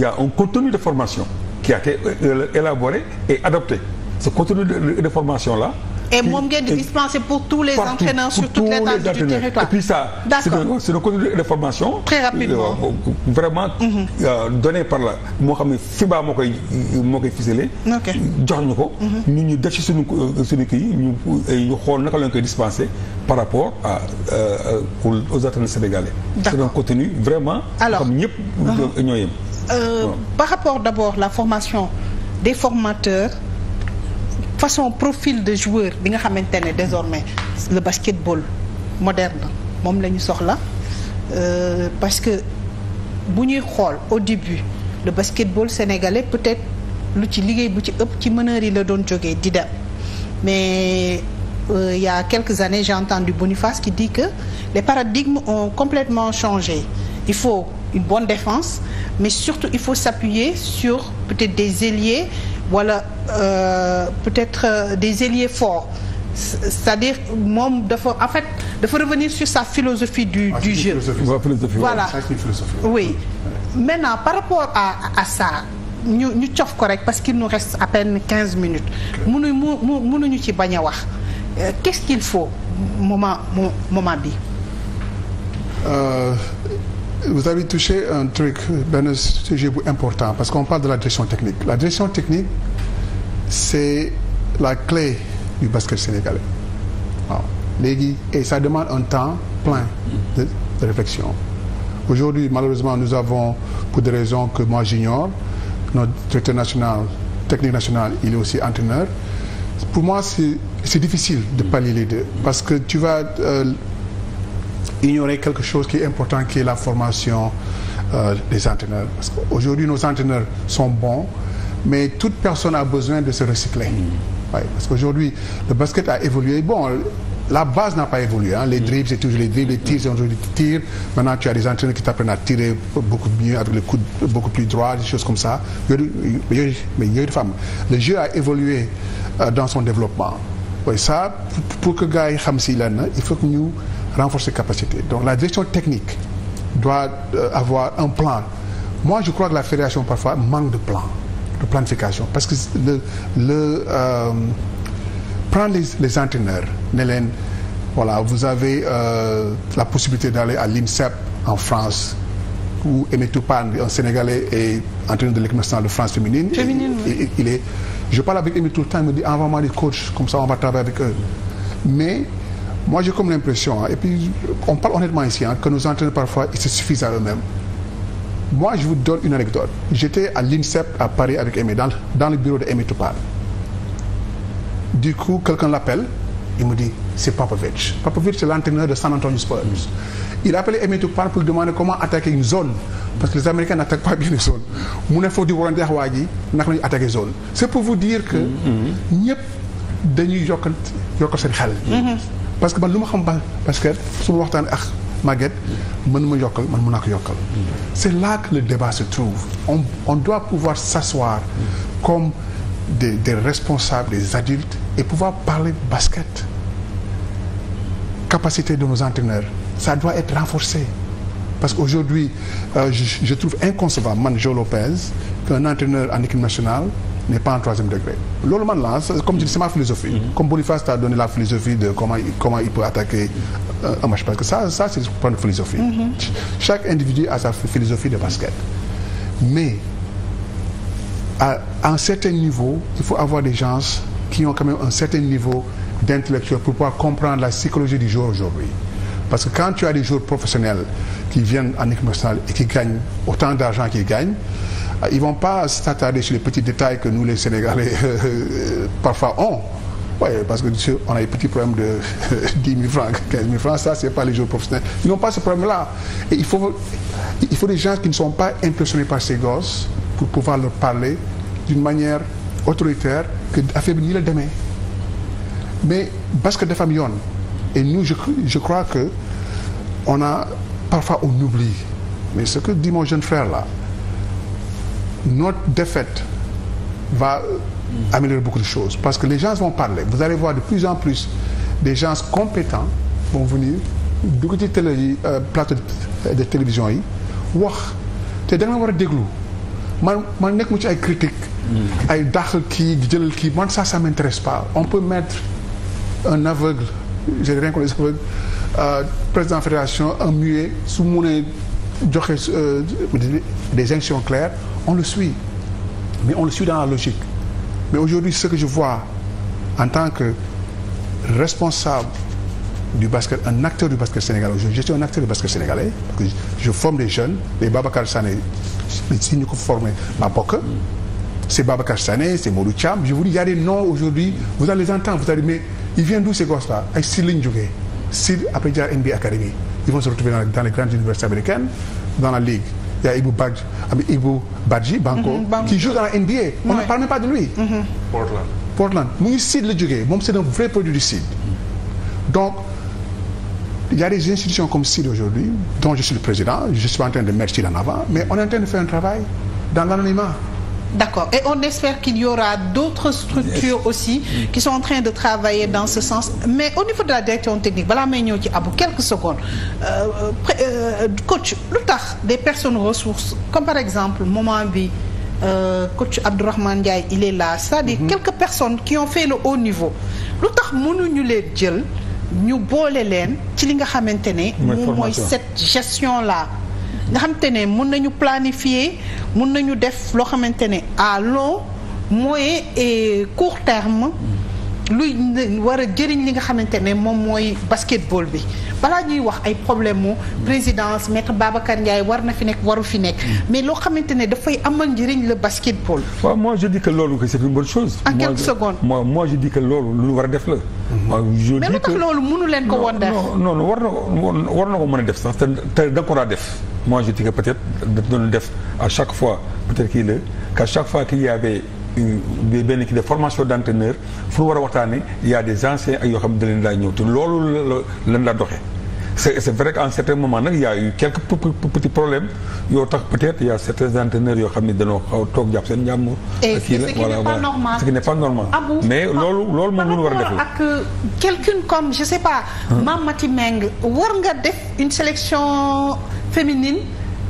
y un contenu de formation qui a été euh, élaboré et adopté ce contenu de, de formation là et moom ngeen di dispenser pour tous les partout, entraîneurs sur toute l'étendue du territoire. et puis ça c'est le, le de formation. très rapidement euh, mhm. euh par la moo xam ne FIBA moo koy moo koy ficelé. ko. ñu mhm. ñu def ci su euh, suñu kii ñu euh, ñu xool naka lañ koy dispenser par rapport à aux entraîneurs sénégalais. c'est un contenu vraiment. alors comme uh-huh. ñoo yem. par rapport d'abord la formation des formateurs. façon profil de joueur bi nga xamante ne désormais le basketball moderne moom la ñu soxla euh, parce que bu ñuy xool au début le basketball sénégalais peut-être lu ci liggéey bu ci ëpp ci meneur la doon jógee di dem mais euh, il y quelques années j'ai entendu Boniface qui dit que les paradigmes ont complètement changé il faut une bonne défense mais surtout il faut s'appuyer sur peut-être des ailiers wala euh, peut-être euh, des ailiers forts c'est-à-dire moom dafa en fait dafa revenir sur sa philosophie du ah, du jeu voilà oui maintenant par rapport à à ça ñu ñu cof ko rek parce qu'il nous reste à peine quinze minutes mu mu mu mënuñu ci bañ a wax euh, qu'est-ce qu'il faut moment bi euh, vous avez touché un truc benn sujet bu important parce qu'on parle de la direction technique la direction technique c'est la clé du basket sénégalais waaw léegi et ça demande un temps plein de, de réflexion aujourd'hui malheureusement nous avons pour des raisons que j'ignore notre technique nationale il est aussi entraîneur pour moi c'est difficile de pallier les deux parce que tu vas euh, ignorer quelque chose qui est important, qui est la formation euh, des entraîneurs. Parce qu'aujourd'hui, nos entraîneurs sont bons, mais toute personne a besoin de se recycler. Mmh. Ouais, parce qu'aujourd'hui, le basket a évolué. Bon, la base n'a pas évolué. Hein. Les mm. dribbles, c'est toujours les dribbles, les tirs, c'est toujours les tirs. Maintenant, tu as des entraîneurs qui t'apprennent à tirer beaucoup mieux, avec le coup beaucoup plus droit, des choses comme ça. Mais il y a une femme. Le jeu a évolué euh, dans son développement. Ouais, ça, pour, pour que Guy Hamsilan, il faut que nous renforcer capacité donc la direction technique doit euh, avoir un plan moi je crois que la fédération parfois manque de plan de planification parce que le le euh, prendre les, les entraîneurs ne leen voilà vous avez euh, la possibilité d'aller à l'INSEP en France où Aimé Toupane un Sénégalais est entraîneur de l'équipe nationale de France féminine féminine et, oui. et, il est je parle avec Aimé tout le temps il me dit envoie-moi des coachs comme ça on va travailler avec eux mais moi j'ai comme l'impression et puis on parle honnêtement ici hein, que nos entraîneurs parfois ils se suffisent à eux-mêmes moi je vous donne une anecdote j'étais à l'INSEP à Paris avec Aimé dans, le bureau de Aimé Toupal du coup quelqu'un l'appelle il me dit c'est Popovic Popovic c'est l'entraîneur de San Antonio Spurs il a appelé Aimé Toupal pour demander comment attaquer une zone parce que les Américains n'attaquent pas bien les zones mu ne foofu di warante zone c'est pour vous dire que mm-hmm. ñëpp dañuy yokk yokk seen xel mm-hmm. parce que man lu ma xam ba parce que su waxtaan ak Maguette mën ma yokkal man mën naa ko yokkal. c'est là que le débat se trouve on on doit pouvoir s'asseoir comme des des responsables des adultes et pouvoir parler basket. capacité de nos entraîneurs ça doit être renforcé parce que aujourd'hui euh, je, je trouve inconcevable man Joe Lopez qu'un entraîneur en équipe nationale mais pas en troisième degré loolu man la comme je dis c'est ma philosophie mhm. comme Boniface t'a donné la philosophie de comment il peut attaquer un euh, match parce que ça ça c'est une mhm. chaque individu a sa philosophie de basket mais à, à un certain niveau il faut avoir des gens qui ont quand même un certain niveau d'intellectuel pour pouvoir comprendre la psychologie du joueur aujourd'hui parce que quand tu as des joueurs professionnels qui viennent en équipe nationale et qui gagnent autant d'argent qu'ils Ah, ils vont pas s'attarder sur les petits détails que nous les Sénégalais euh, parfois ont. Oui, parce que on a des petits problèmes de 10 000 francs, 15 000 francs, ça, c'est pas les jeux professionnels. Ils n'ont pas ce problème-là. Et il faut, il faut des gens qui ne sont pas impressionnés par ces gosses pour pouvoir leur parler d'une manière autoritaire que affaiblir le demain. Mais parce que des femmes y ont, et nous, je, je, crois que on a parfois on oublie. Mais ce que dit mon jeune frère là, notre défaite va améliorer beaucoup de choses parce que les gens vont parler vous allez voir de plus en plus des gens compétents vont venir dugg ci télé yi euh, de télévision yi wax te da nga war a déglu man man nekk mu ci ay critiques mm. ay dàq kii di jëlal kii man ça ça m'intéresse pas on peut mettre un aveugle je rien contre les aveugles euh, président fédération un muet su munee joxe euh, des injonctions claires on le suit mais on le suit dans la logique mais aujourd'hui ce que je vois en tant que responsable du basket un acteur du basket sénégalais je suis un acteur du basket sénégalais parce que je forme des jeunes les Babacar Sané si ñu ko formé à Bokk c'est Babacar Sané c'est Modou Thiam je vous dis y a des noms aujourd'hui vous allez les entendre vous allez mais ils viennent d'où ces gosses là ay Sud la ñu jógee Sud NBA Academy vont se retrouver dans les grandes universités y a Ibu Badji ah, Ibu Badji Banco. Mm -hmm, Banco qui joue dans la NBA. Oui. on ne parle même pas de lui. Mm Portland. Portland mu ngi Sud c'est un vrai produit du Sud. donc il y a des institutions comme Sud aujourd'hui dont je suis le président je suis en train de mettre Sud en avant mais on est en train un travail dans l'anonymat D'accord. Et on espère qu'il y aura d'autres structures aussi qui sont en train de travailler dans ce sens. Mais au niveau de la direction technique, bala mais nous avons quelques secondes. Euh, euh, coach, lu tax des personnes ressources, comme par exemple, Moment bi euh, coach Abdurrahman Ndiaye, il est là. C'est-à-dire mm -hmm. quelques personnes qui ont fait le haut niveau. Le tard, nous les nous boole leen ci li nga xamante ne moom mooy cette gestion là nga xamante ne mun nañu planifier mun nañu def loo xamante ne à long moyen et court terme luy war a jëriñ li nga xamante ne moom mooy basketball bi balaa ñuy wax ay problème mu présidence maître Babacar Ndiaye war na fi nekk waru fi nekk mais loo xamante ne dafay amal njëriñ la basketball. waaw moi je di que loolu que c'est une bonne chose. en quelques secondes moi moi di dis loolu lu ñu war a def la. je dis mais loolu mënu leen ko woon def. non non war na ko war na ko mën a def sax te te da nga def. moi je dirais peut-être dañu def à chaque fois peut-être kii la qu'à chaque fois qu'il y avait benn ki de formation d'entraîneur fu ñu war a waxtaanee il y a des anciens ak yoo xam ne da leen daa ñëw te loolu la lan la doxee c'est c'est vrai qu'en certain moment nag y a eu quelques yoo tax peut-être certains entraîneurs yoo xam ne dañoo xaw toog jàpp seen njàmbur. et ce qui ah mais loolu loolu moom lu ñu war a def la. ak euh, quelqu'un comme je sais pas. Mame Maty Meng war nga def une sélection féminine.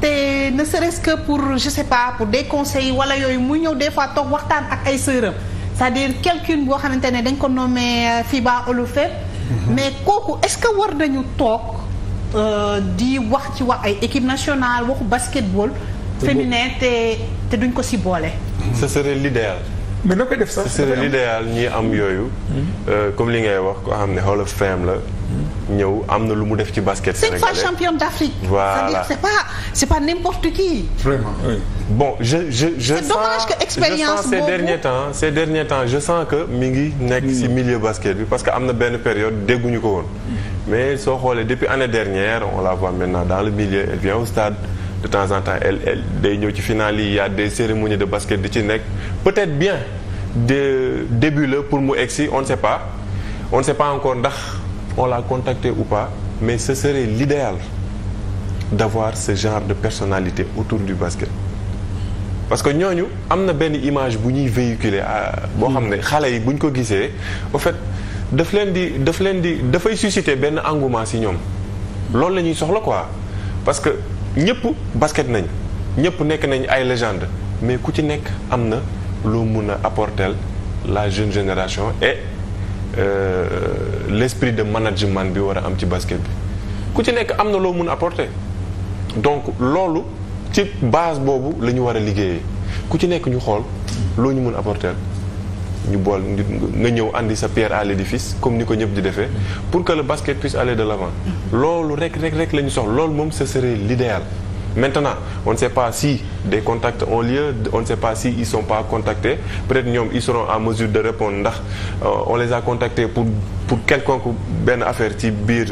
te ne serait-ce que pour je sais pas pour des conseils wala yooyu muy ñëw des fois toog waxtaan ak ay sœuram c'est-à-dire quelqu'un boo xamante ne dañ ko nommé euh, FIBA Olufem. Mhm. mais kooku est-ce que war nañu toog euh, di wax ci wax ay équipe nationale waxu basketball féminin te te duñ ko si boole. ce serait l'idéal. mais def sax c'est l'idéal ñi am yooyu. Euh, comme li ngay wax ko xam ne Hall of Fame la. ñëw am na lu mu def ci basket sénégalais cinq fois champion d'Afrique. voilà c'est pas c'est pas n'importe qui. vraiment je je je. c'est dommage que expérience boobu je sens ces derniers temps ces derniers temps je sens que mi ngi nekk ci mm. milieu basket bi parce que am na benn période dégguñu ko woon. Mm. mais soo xoolee depuis année dernière on la voit maintenant dans le milieu elle vient au stade. de temps en temps elle elle day ñëw ci finale yi y a des cérémonies de basket di ci nekk peut-être bien de début la pour mu egsi on sait pas on ne sait pas encore ndax on l'a contacté ou pas mais ce serait l'idéal d'avoir ce genre de personnalité autour du basket parce que ñooñu am na benn image bu ñuy véhiculer ah, boo xam ne hmm. xale yi bu ñu ko gisee au fait daf leen di daf leen di dafay susciter benn engouement si ñoom loolu la ñuy soxla quoi parce ñëpp basket nañ ñëpp nekk nañ ay légende mais ku ci nekk am na loo mun a apporter la jeune génération et euh, l'esprit de management bi war a am ci basket bi ku ci nekk am na loo mun a donc loolu ci base boobu la ñu war a liggéeyee ku ci nekk ñu xool loo ñu mun apporter ñu bool nga ñëw andi sa pierre à l'édifice comme ni ko ñëpp di defee pour que le basket puisse aller de l'avant loolu rek rek rek la ñu soxla loolu moom ce serait l'idéal maintenant on ne sait pas si des contacts ont lieu on ne sait pas si ils sont pas contactés peut-être ñoom ils seront en mesure de répondre ndax euh, on les a contactés pour pour quelconque benn affaire ci biir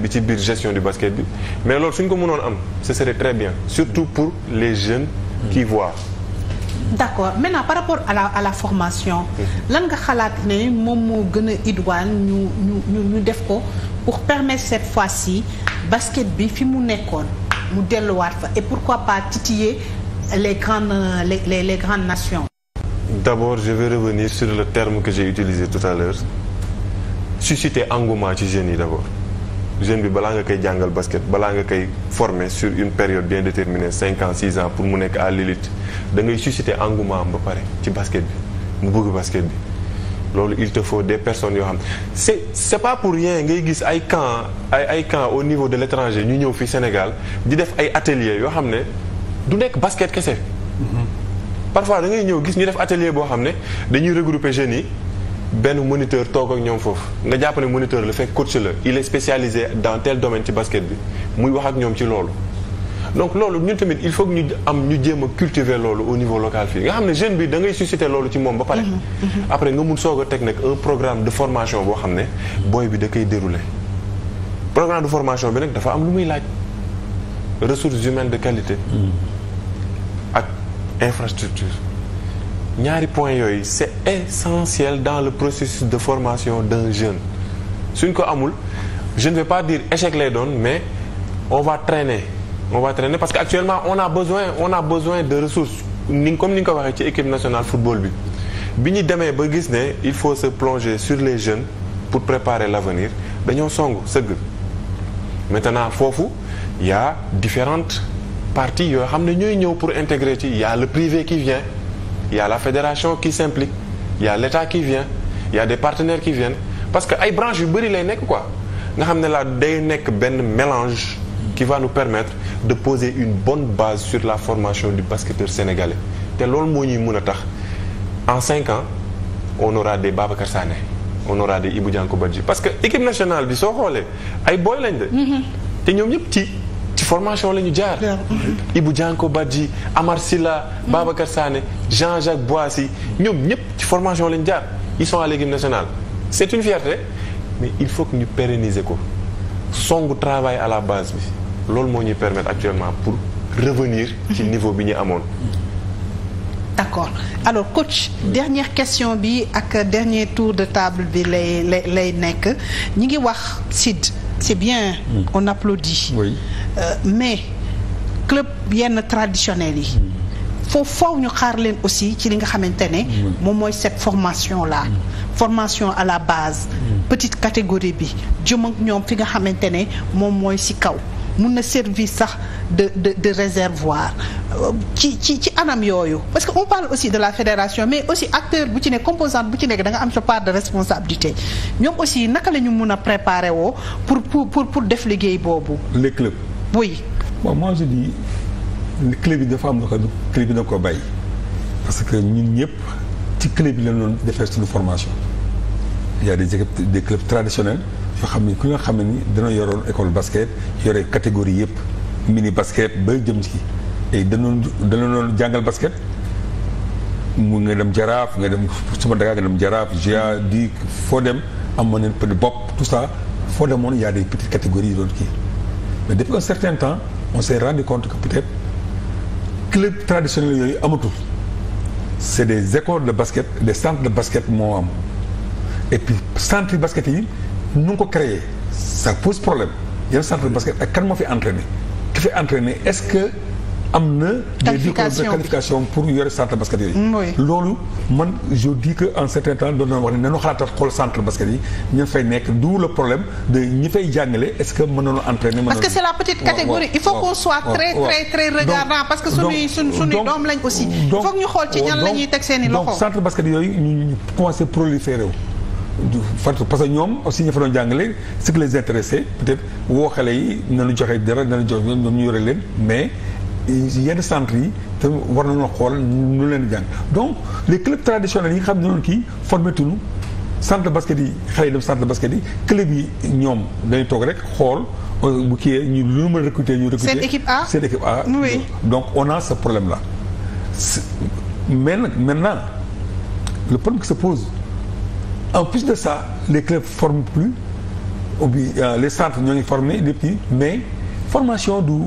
bi ci biir gestion du basket bi mais loolu suñ ko mënoon am ce serait très bien surtout pour les jeunes qui voient d'accord maintenant par rapport à la à la formation. Mhm. lan nga xalaat ne moom moo gën a idoine ñu ñu ñu def ko pour permettre cette fois-ci basket bi fi mu nekkoon mu delluwaat fa et pourquoi pas titiller les grandes les les, les grandes nations. d'abord je vais revenir sur le terme que j'ai utilisé tout à l'heure susciter engouement ci jeunes yi d'abord. jeune bi balaa nga koy jàngal basket balaa nga koy former sur une période bien déterminée cinq ans six ans pour mu nekk à l'élite da ngay susciter engouement am ba pare ci basket bi mu bëgg basket bi loolu il te faut des personnes yoo xam c'est c'est pas pour rien ngay gis ay camp ay ay au niveau de l'étranger ñu ñëw fi Sénégal di def ay ateliers yoo xam ne du nekk basket kese. Mm-hmm. parfois da ngay ñëw gis ñu def atelier boo xam ne dañuy regrouper jeunes yi. benn moniteur toog ak ñoom foofu nga jàpp ne moniteur la fekk ci la il est spécialisé dans tel domaine ci basket bi muy wax ak ñoom ci loolu. donc loolu ñu tamit il faut ñu am ñu jéem a cultiver loolu au niveau local fii nga xam ne jeune bi dangay ngay susciter loolu ci moom ba pare. Mhm, mhm. après nga mun soog a teg nag un programme de formation boo xam ne booy bi da koy dérouler. programme de formation bi nag dafa am lu muy laaj ressources humaines de qualité. Mhm. ak infrastructure. ñaari point yooyu c'est essentiel dans le processus de formation d'un jeune suñ ko amul je ne vais pas dire échec lay doon mais on va traîner on va traîner parce que actuellement on a besoin on a besoin de ressources ni comme ni nga ko waxee ci équipe nationale football bi bi ñu demee ba gis ne il faut se plonger sur les jeunes pour préparer l'avenir dañoo song sëgg maintenant foofu ya différentes parties yoo xam ne ñooy ñëw pour intégrer ci y a le privé il la fédération qui s'implique il y a l'État qui vient il y a des partenaires qui parce que ay branches yu bëri lay nekk quoi nga xam ne la day nekk benn mélange qui va nous permettre de poser une bonne base sur la formation du basketteur sénégalais te loolu moo ñuy mën a tax en cinq ans on aura des Babacar Sané on aura des Ibou parce que équipe nationale bi soo xoolee ay booy lañ de. Mhm. te ñoom ñëpp ci. formation la ñu jaar. Ibou Dianko Badji Amar Silla. Babacar Sané Jean-Jacques Boissy ñoom ñëpp ci formation la jaar ils sont à l'équipe nationale. c'est une mais il faut que ñu pérenniser ko songu travail à la base bi loolu moo ñuy permettre actuellement pour revenir ci mhm. niveau bi ñu amoon. d'accord alors coach dernière question bi ak dernier tour de table bi lay lay lay nekk ñi ngi wax SIDS. c'est bien mm. on applaudit oui. euh, mais club yenn traditionnel yi mm. foofu foofu ñu xaar leen aussi ci li nga xamante ne mm. moom mooy cette formation là formation à la base petite catégorie bi jëm ak ñoom fi nga xamante ne moom mooy si kaw mun na servir sax de de de réservoir ci ci ci anam yooyu parce que on parle aussi de la fédération mais aussi acteur bu ci nekk composante bu ci nekk da nga am sa part de responsabilité ñoom aussi naka la ñu mun a préparer woo pour pour pour pour def liggéey boobu. les clubs. oui. bon moi je dis club yi dafa am lu ko club yi da ko bàyyi parce que ñun ñëpp ci club yi la ñu doon defee formation il y a des équipes des yoo xam ne ku nga xam ne ni dana yoroon école basket yore catégorie yëpp mini basket ba jëm ci et danoon danoon jàngal basket mu nga dem jaraaf nga dem suma dagaa nga dem jaraaf GIA di foo dem amoon nañu petit bopp tout ça foo demoon y a des petites catégories yu doon kii depuis un certain temps on s'est rendu compte que peut club traditionnel yooyu amatul c'est des écoles de basket des centres de basket moo am et puis centre basket yi nu ngi ko créer ça pose problème yenn centre de basket ak kan moo fi entraîné ki fi entraîné est-ce que am na des diplômes de qualification pour yore centre basket yooyu mm, loolu man je dis que en certain temps doon na wax ne nanu jàngale est-ce que mën nañu entraîner que c'est la petite catégorie que suñuy suñ suñuy doom lañ aussi il ñu xool ci ñan la teg seeni loxo centre basket yooyu ñu commencé proliférer wu du fàttali parce que ñoom aussi ña fa doon jàngale ce qui les intéressait peut woo xale yi nañu joxe dara nañu jox ñoom ñu yore leen mais yenn centre yi te war na nañoo xool nu leen jàng donc les clubs traditionnels yi nga xam ne noonu kii formé tunu centre basket yi xale yi dem centre basket yi club yi ñoom dañuy toog rek xool euh, bu kii ñu lu ñu mën ñu recruter seen équipe A seen équipe A donc on a ce problème là mais nag maintenant le problème qui se en plus de ça les clubs forment plus ou bien euh, les centres ñoo ngi formé depuis mais formation du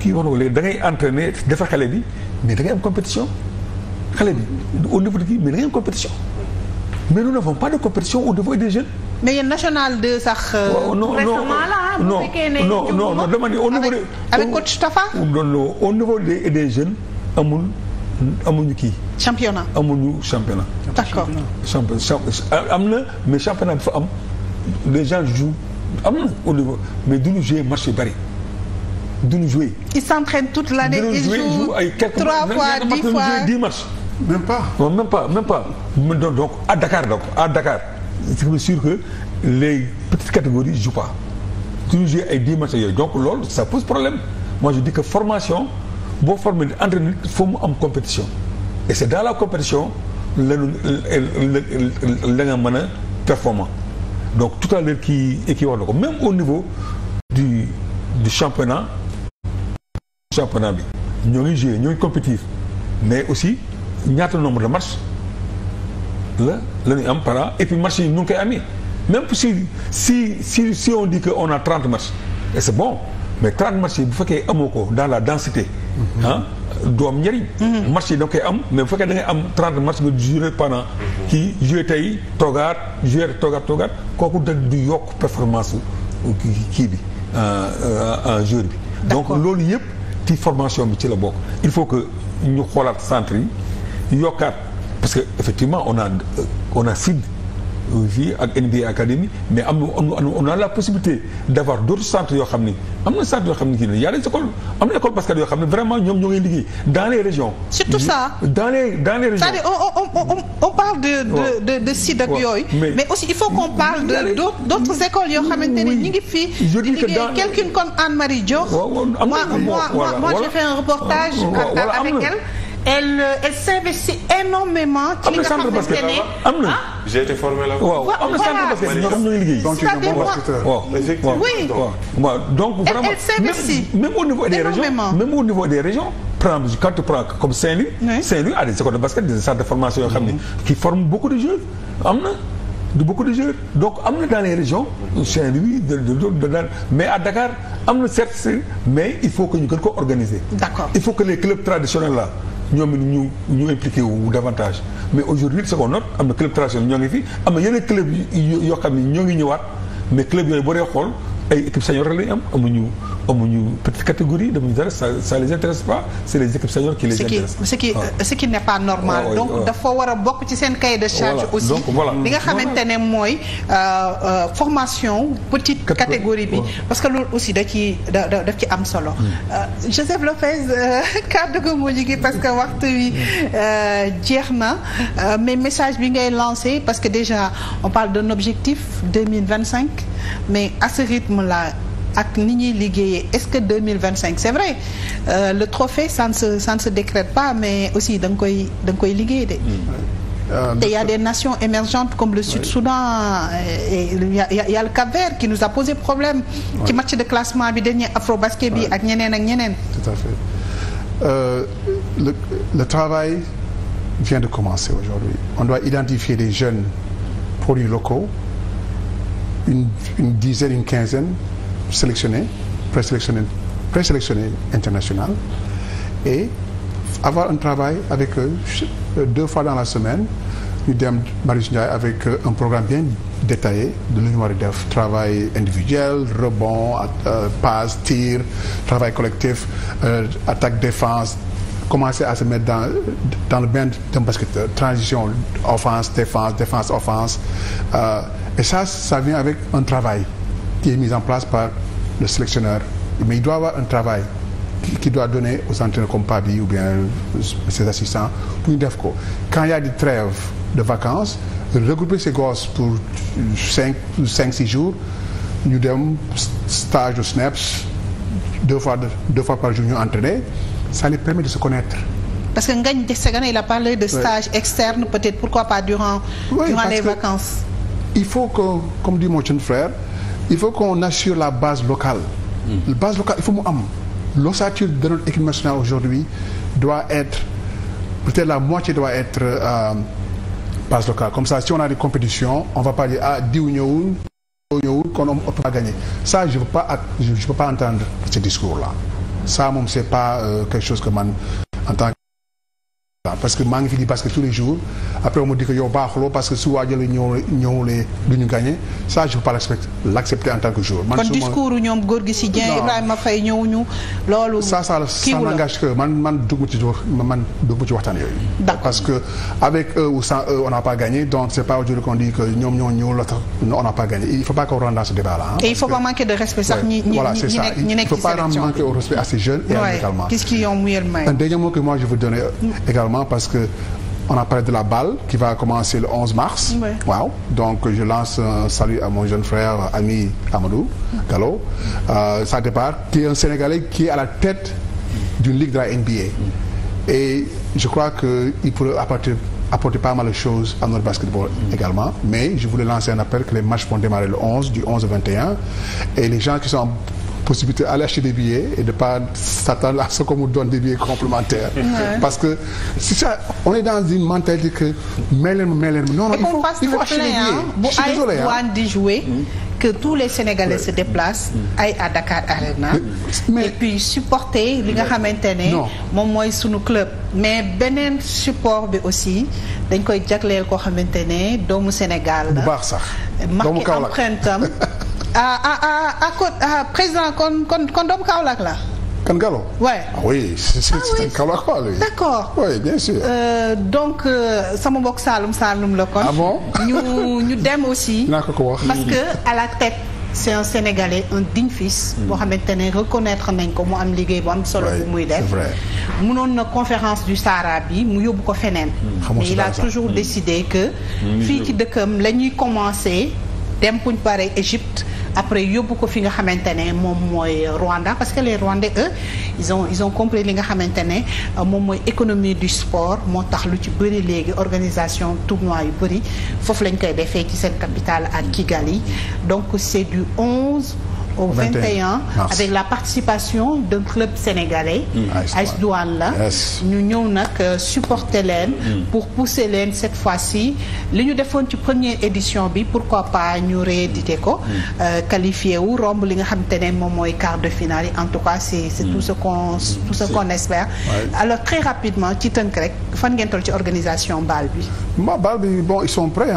kii wax na ko léegi da ngay entraîner defar xale bi mais da am compétition xale bi au niveau de kii mais da ngay am compétition mais nous n'avons pas de compétition au niveau des jeunes. mais national 2 sax. Euh, oh, non non non non non dama ne au niveau de. avec coach Tafa. non au niveau des des jeunes amul. amuñu kii. championnat amuñu championnat. d'accord championnat euh, am na mais championnat bi fa am les gens jouent am na au niveau mais duñu jouer match yu bari duñu jouer. ils s'entraînent toute l'année ils jouent trois fois dix fois dix matchs. même pas non même pas donc à Dakar donc à Dakar c'est sûr que les petites catégories jouent pas duñu jouer ay dix matchs donc loolu ça pose problème moi je dis formation. boo formé nit entre nit il mu am compétition et c' est dans la compétition lanu la nga mën a performant donc tout à l'heure kii kii wax na ko même au niveau du du championnat championnat bi ñoo ngi joué ñoo ngi compétir mais aussi ñaata nombre de matchs la la ñuy am par an et puis matchs yi ñu koy amee même si si si si on dit que on a trente matchs et c' bon mais trente matchs yi bu fekkee amoo ko dans la densité ah du am njëriñ. Mhm. match yi da koy am mais bu fekkee da ngay am 30 match nga joué pendant. kii joué tey toogaat joué toogaat toogaat kooku da du yokk performance kii bi en euh, euh, euh, joueur bi. donc loolu yëpp ci formation bi ci la bokk. il faut que ñu xoolaat centre yi yokkaat parce que effectivement on a on a cible. UJ ak NBA académie mais am na on a la possibilité d' avoir d' autres centres yoo xam ni am na centres yoo xam ne kii y' a des écoles am na école basket yoo xam ne vraiment ñoom ñoo ngi liggéey dans les régions. surtout ça dans les dans régions. on parle de de de de site yooyu. mais aussi il faut qu'on parle de d' écoles yoo xamante ni ñu ngi fii. di liggéey quelqu'un comme Anne Marie Diop. waaw waaw am moi j'ai fait un reportage. avec elle elle euh, elle énormément. ci li nga xamante ne am na ah. j'ai été formé là. basket ñoom ñoo donc vraiment même au niveau des des régions. quand comme Saint-Louis. Saint-Louis a des écoles de basket des centres de formation yoo xam ne mm-hmm. qui forment beaucoup de jeunes am de beaucoup de joueurs donc am dans les régions Saint-Louis mais à Dakar am certes mais il faut que ñu gën ko organiser. d'accord il faut que les clubs traditionnels là. ñoom ñu ñu impliqué wu davantage mais aujourd'hui c'est qu'on note am na club traditionnel ñoo ngi fi am na yeneen club yoo xam ne ñoo ngi ñëwaat mais club yooyu boo dee xool ay équipes seniors rek la ñu am amuñu amuñu petite catégorie damuñu dara ça ça les intéresse pas c' est les équipes seniors qui les intéressent ce qui ce qui n' est pas normal ah donc dafa war a bokk ci seen cahier de charge aussi donc voilà li nga xamante ne mooy euh, euh, formation petite catégorie bi parce que loolu aussi da ci da daf ci am solo hmm. euh, Joseph Lopez kàddu gi moo jigi parce que waxtu wi hmm. jeex na mais message bi ngay lancé parce que déjà on parle d'un objectif 2025 mais à ce rythme rythme là ak ni ñuy liggéeyee est-ce que 2025 c'est vrai euh, le trophée ça ne se décrète pas mais aussi da nga koy da koy liggéey de. Hmm. Euh, te y a des nations émergentes comme le Sud-Soudan euh, et y a, y a, y a le Cap-Vert qui nous a posé problème. ci ouais. de classement bi dernier bi ak ñeneen ak ñeneen. tout à euh, le travail vient de commencer aujourd'hui on doit identifier des jeunes produits locaux. une une dizaine une quinzaine sélectionnés présélectionnés présélectionnés international et avoir un travail avec eux euh, deux fois dans la semaine ñu dem Marius Ndiaye avec euh, un programme bien détaillé de lu ñu war a def travail individuel rebond euh, passe tir travail collectif attaque défense commencer à se mettre dans dans le bain d'un basketteur transition offense défense défense offense. Euh, Et ça, ça vient avec un travail qui est mis en place par le sélectionneur. Mais il doit avoir un travail qui doit donner aux entraîneurs comme Pabi ou bien euh, ses assistants pour une DEFCO. Quand il y a des trêves de vacances, regrouper ces gosses pour cinq 6 jours, nous donnons stage de snaps, deux fois, par jour, nous entraîner, ça les permet de se connaître. Parce que Ngagne Tessagana, il a parlé de stage oui. externe, peut-être, pourquoi pas durant, oui, durant les que, vacances il faut que comme dit mon jeune frère il faut qu'on assure la base locale. Mmh. la base locale il faut mu am. l'ossature de notre équipe nationale aujourd'hui doit être peut-être la moitié doit être euh, base locale comme ça si on a des compétitions on va pas dire ah diw ñëwul. ñëwul kon on peut pas gagner ça je peux pas entendre ce discours là ça moom c'est pas euh, quelque chose que man en tant waaw parce que maa ngi fi di parce que tous les jours après on me dit yow baaxuloo parce que su waajale ñëw ñëwulee du ñu gagné ça je peux pas l'accepter en tant que joueur. kon discours ñoom Gorgui Sy Dieng Ibrahima Faye ñëwuñu. loolu ça ça ça n'engage que man man dugg ci man dugg ci waxtaan yooyu. parce que avec eux ou sans eux on n'a pas gagné donc c'est pas aujourd'hui qu'on dit que ñoom ñoo ñëw la tax on n'a pas gagné il faut pas qu'on rentre dans évidemment parce que on a parlé de la balle qui va commencer le 11 mars. Ouais. Waaw. Donc je lance un salut à mon jeune frère ami Amadou Gallo. Euh, ça départ qui est un Sénégalais qui est à la tête d'une ligue de la NBA. Et je crois que il pourrait apporter apporter pas mal de choses à notre basketball mmh. également. Mais je voulais lancer un appel que les matchs vont démarrer le 11, du 11 au 21. Et les gens qui sont possibilité d'aller acheter des billets et de ne pas s'attendre à ce qu'on nous donne des billets complémentaires. Parce que si ça, on est dans une mentalité que mêlem, mêlem. Non, non, et il faut, il des billets. Hein, Je suis jouer, mm. que tous les Sénégalais ouais. se déplacent, mm. ay à Dakar Arena, mais, et puis li nga xamante ne moom mooy sunu club. mais beneen support bi aussi dañ koy jagleel koo xamante ne doomu Sénégal bu baax sax doomu Ah, ah, ah, à à à à président kon kon kon doomu Kaolack la. Kan Gallo. Ouais. ah oui c'est, c'est, ah oui. d'accord oui bien sûr. Euh, donc euh, sama mbokk Saalum Saalum la kon. ah ñu ñu dem aussi. naa ko ko wax parce que à la tête. c'est un Sénégalais un digne fils. Hmm. boo xamante ne reconnaître nañ ko mu am liggéey bu am solo bu muy def noon na conférence du Sahara bi mu yóbbu ko feneen hmm. mais il a toujours hmm. décidé que fii ci dëkkam la ñuy commencer dem buñ pare Égypte après yóbbu ko fi nga xamante ne moom mooy Rwanda parce que les Rwandais eux ils ont ils compris li nga xamante ne euh, moom mooy économie du sport moo tax lu ci bëri léegi organisation tournoi yu bëri foofu lañ koy defee ci seen capitale ak Kigali donc c'est du 11 au 21 mars avec la participation d'un club sénégalais. Mm. AS Douane la ñu ñëw nag euh, supporter leen. Mm. pour pousser leen cette fois-ci li ñu defoon ci première édition bi pourquoi pas ñu rééditer ko. Mm. Euh, qualifié wu romb li nga xam te ne moom mooy quart de finale en tout cas c'est c'est tout ce qu'on tout ce espère. alors très rapidement ci tënk rek fan ngeen ci organisation BAL bi. ma BAL bi ils sont prêts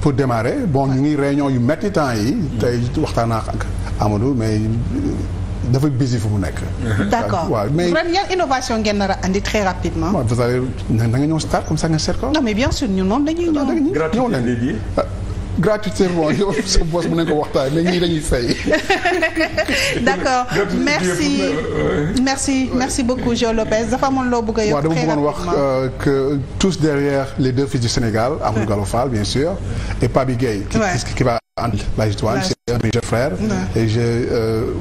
pour démarrer bon ngi réunion yu métti temps yi. tey waxtaan ak. Amadou mais dafa busy fu mu nekk. d'accord waaw mais ren yan innovation ngeen nar a andi très rapidement. waaw vous allez na nga ñëw start comme ça nga seet ko. non mais bien sûr ñun moom dañuy ñëw. gratuité dédié ah, gratuitement yow sa boss mën nañ ko waxtaan mais ñii dañuy fay. d'accord merci merci merci beaucoup Jo Lopez dafa amoon loo bëgg a yokk. très rapidement waaw dama bëggoon wax euh, que tous derrière les deux fils du Sénégal Amadou Gallo Fall bien sûr et Pabi Gueye. qui qui va. ànd la Antoine c'est un de mes frères et je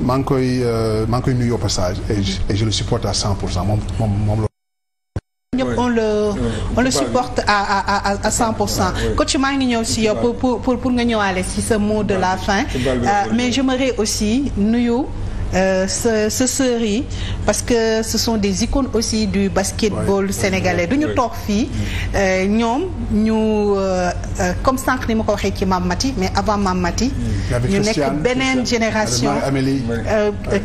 maa ngi koy maa ngi koy nuyu au passage et e je le supporte à cent pour cent moom moom moom le supporte à à à cent pour cent coach maa ngi ñëw si yow pour pour pour nga ñëwaale si ce mot de la fin euh, mais j'aimerais aussi nuyu sa sa sœurs yi parce que ce sont des icônes aussi du basketball sénégalais du ñu toog fii euh, ñoom ñu euh, euh, comme sànq ni ma ko waxee ci Mame Maty mais avant Mame Maty mm, ñu nekk beneen génération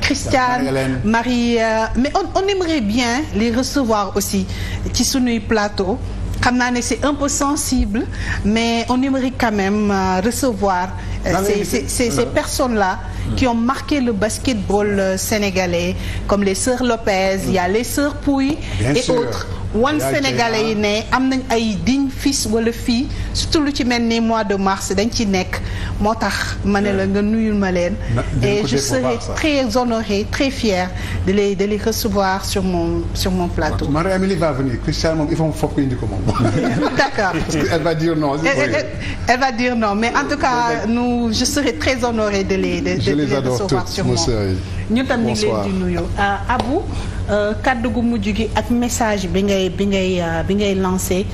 Christiane Marie mais on on aimerait bien les recevoir aussi ci sunuy plateau xam naa ne est un peu sensible mais on aimerait quand même euh, recevoir euh, ces ces ces personnes là qui ont marqué le basketball euh, sénégalais comme les sœurs Lopez il y a les sœurs Pouy et autres wan sénégalais yi ne am nañ ay digne fils wala fii surtout lu ci mel ni mois de mars dañ ci nekk moo tax ma ne la nga nuyul ma leen et je serai très honoré très fier de les de les recevoir sur mon plateau D'accord. Parce qu'elle va dire non. Elle, va dire non. Mais en tout cas, nous, je serai très honorée de les, de, je de adore recevoir toutes, sûrement. ñun tam ñu ngi leen di nuyu ah, Abou euh, kàddu gu mujj gi ak message bi ngay bi ngay euh, bi ngay lancé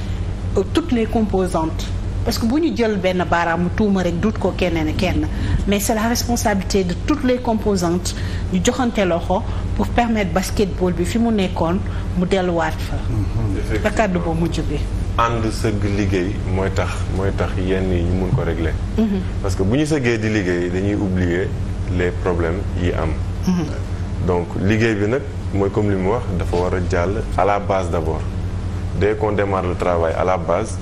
euh, toutes les composantes parce que bu ñu jël benn baaraamu tuuma rek dut ko keneen kenn mais c'est la responsabilité de toutes les composantes ñu joxante loxo pour permettre basketball bi fi mu nekkoon mu delluwaat fa. effectivement kàddu ba mujj bi. ànd sëgg liggéey mooy tax mooy tax yenn yi ñu mun ko régler. Mhm. parce que bu ñu sëggee di liggéey dañuy oublier les problèmes yi am. Mhm. donc liggéey bi nag mooy comme li mu wax dafa war a jàll à la base d'abord dès qu'on démarre le à la base.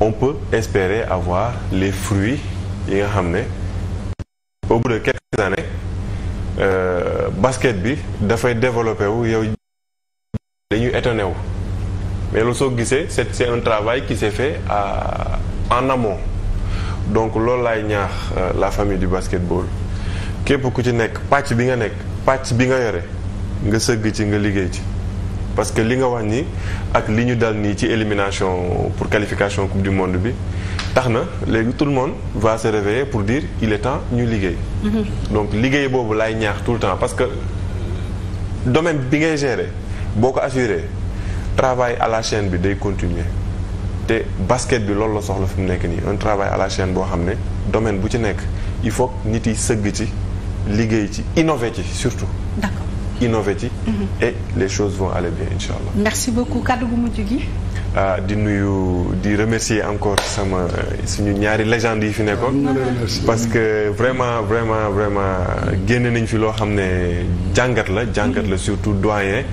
on peut espérer avoir les fruits yi nga xam ne au bout de quelques euh, basket bi dafay développé wu yow dañuy étonné wu mais loolu soo gisee c'est c'est un travail qui s'est fait à, en amont donc loolu laay ñaax euh, la famille du basketball képp ku ci nekk pàcc bi nga nekk pàcc bi nga yore nga sëgg ci nga liggéey ci parce que li nga wax nii ak li ñu dal nii ci élimination pour qualification coupe du monde bi tax na léegi tout le monde va se pour dire il est temps ñu liggéey. donc liggéey boobu laay ñaax tout le temps parce que domaine bi ngay gérer boo ko assuré travail à la chaîne bi day continuer te basket bi loolu la soxla fi mu nekk nii un travail à la chaîne boo xam ne domaine bu ci nekk il faut nit yi sëgg ci liggéey ci innover ci surtout. innové mm-hmm. les choses vont aller bien incha allah. merci beaucoup kaddu ah, di nuyu di remercier encore sama euh, suñu ñaari légendes yi fi nekkoon. Mm-hmm. parce que vraiment vraiment vraiment génne nañ fi loo xam ne jàngat la jàngat la mm-hmm. surtout doyen.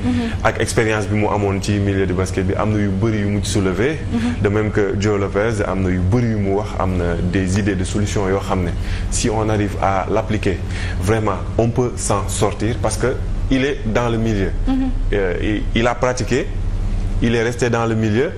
ak expérience bi mu amoon ci milieu de basket bi am na yu bëri yu mu ci soulevé. de même que Joe Lopez am na yu bëri yu mu wax am na des idées de solutions yoo xam ne si on arrive à l'appliquer vraiment on peut s'en sortir parce que. il est dans le milieu. Mm -hmm. euh, il, il a pratiqué il est resté dans le milieu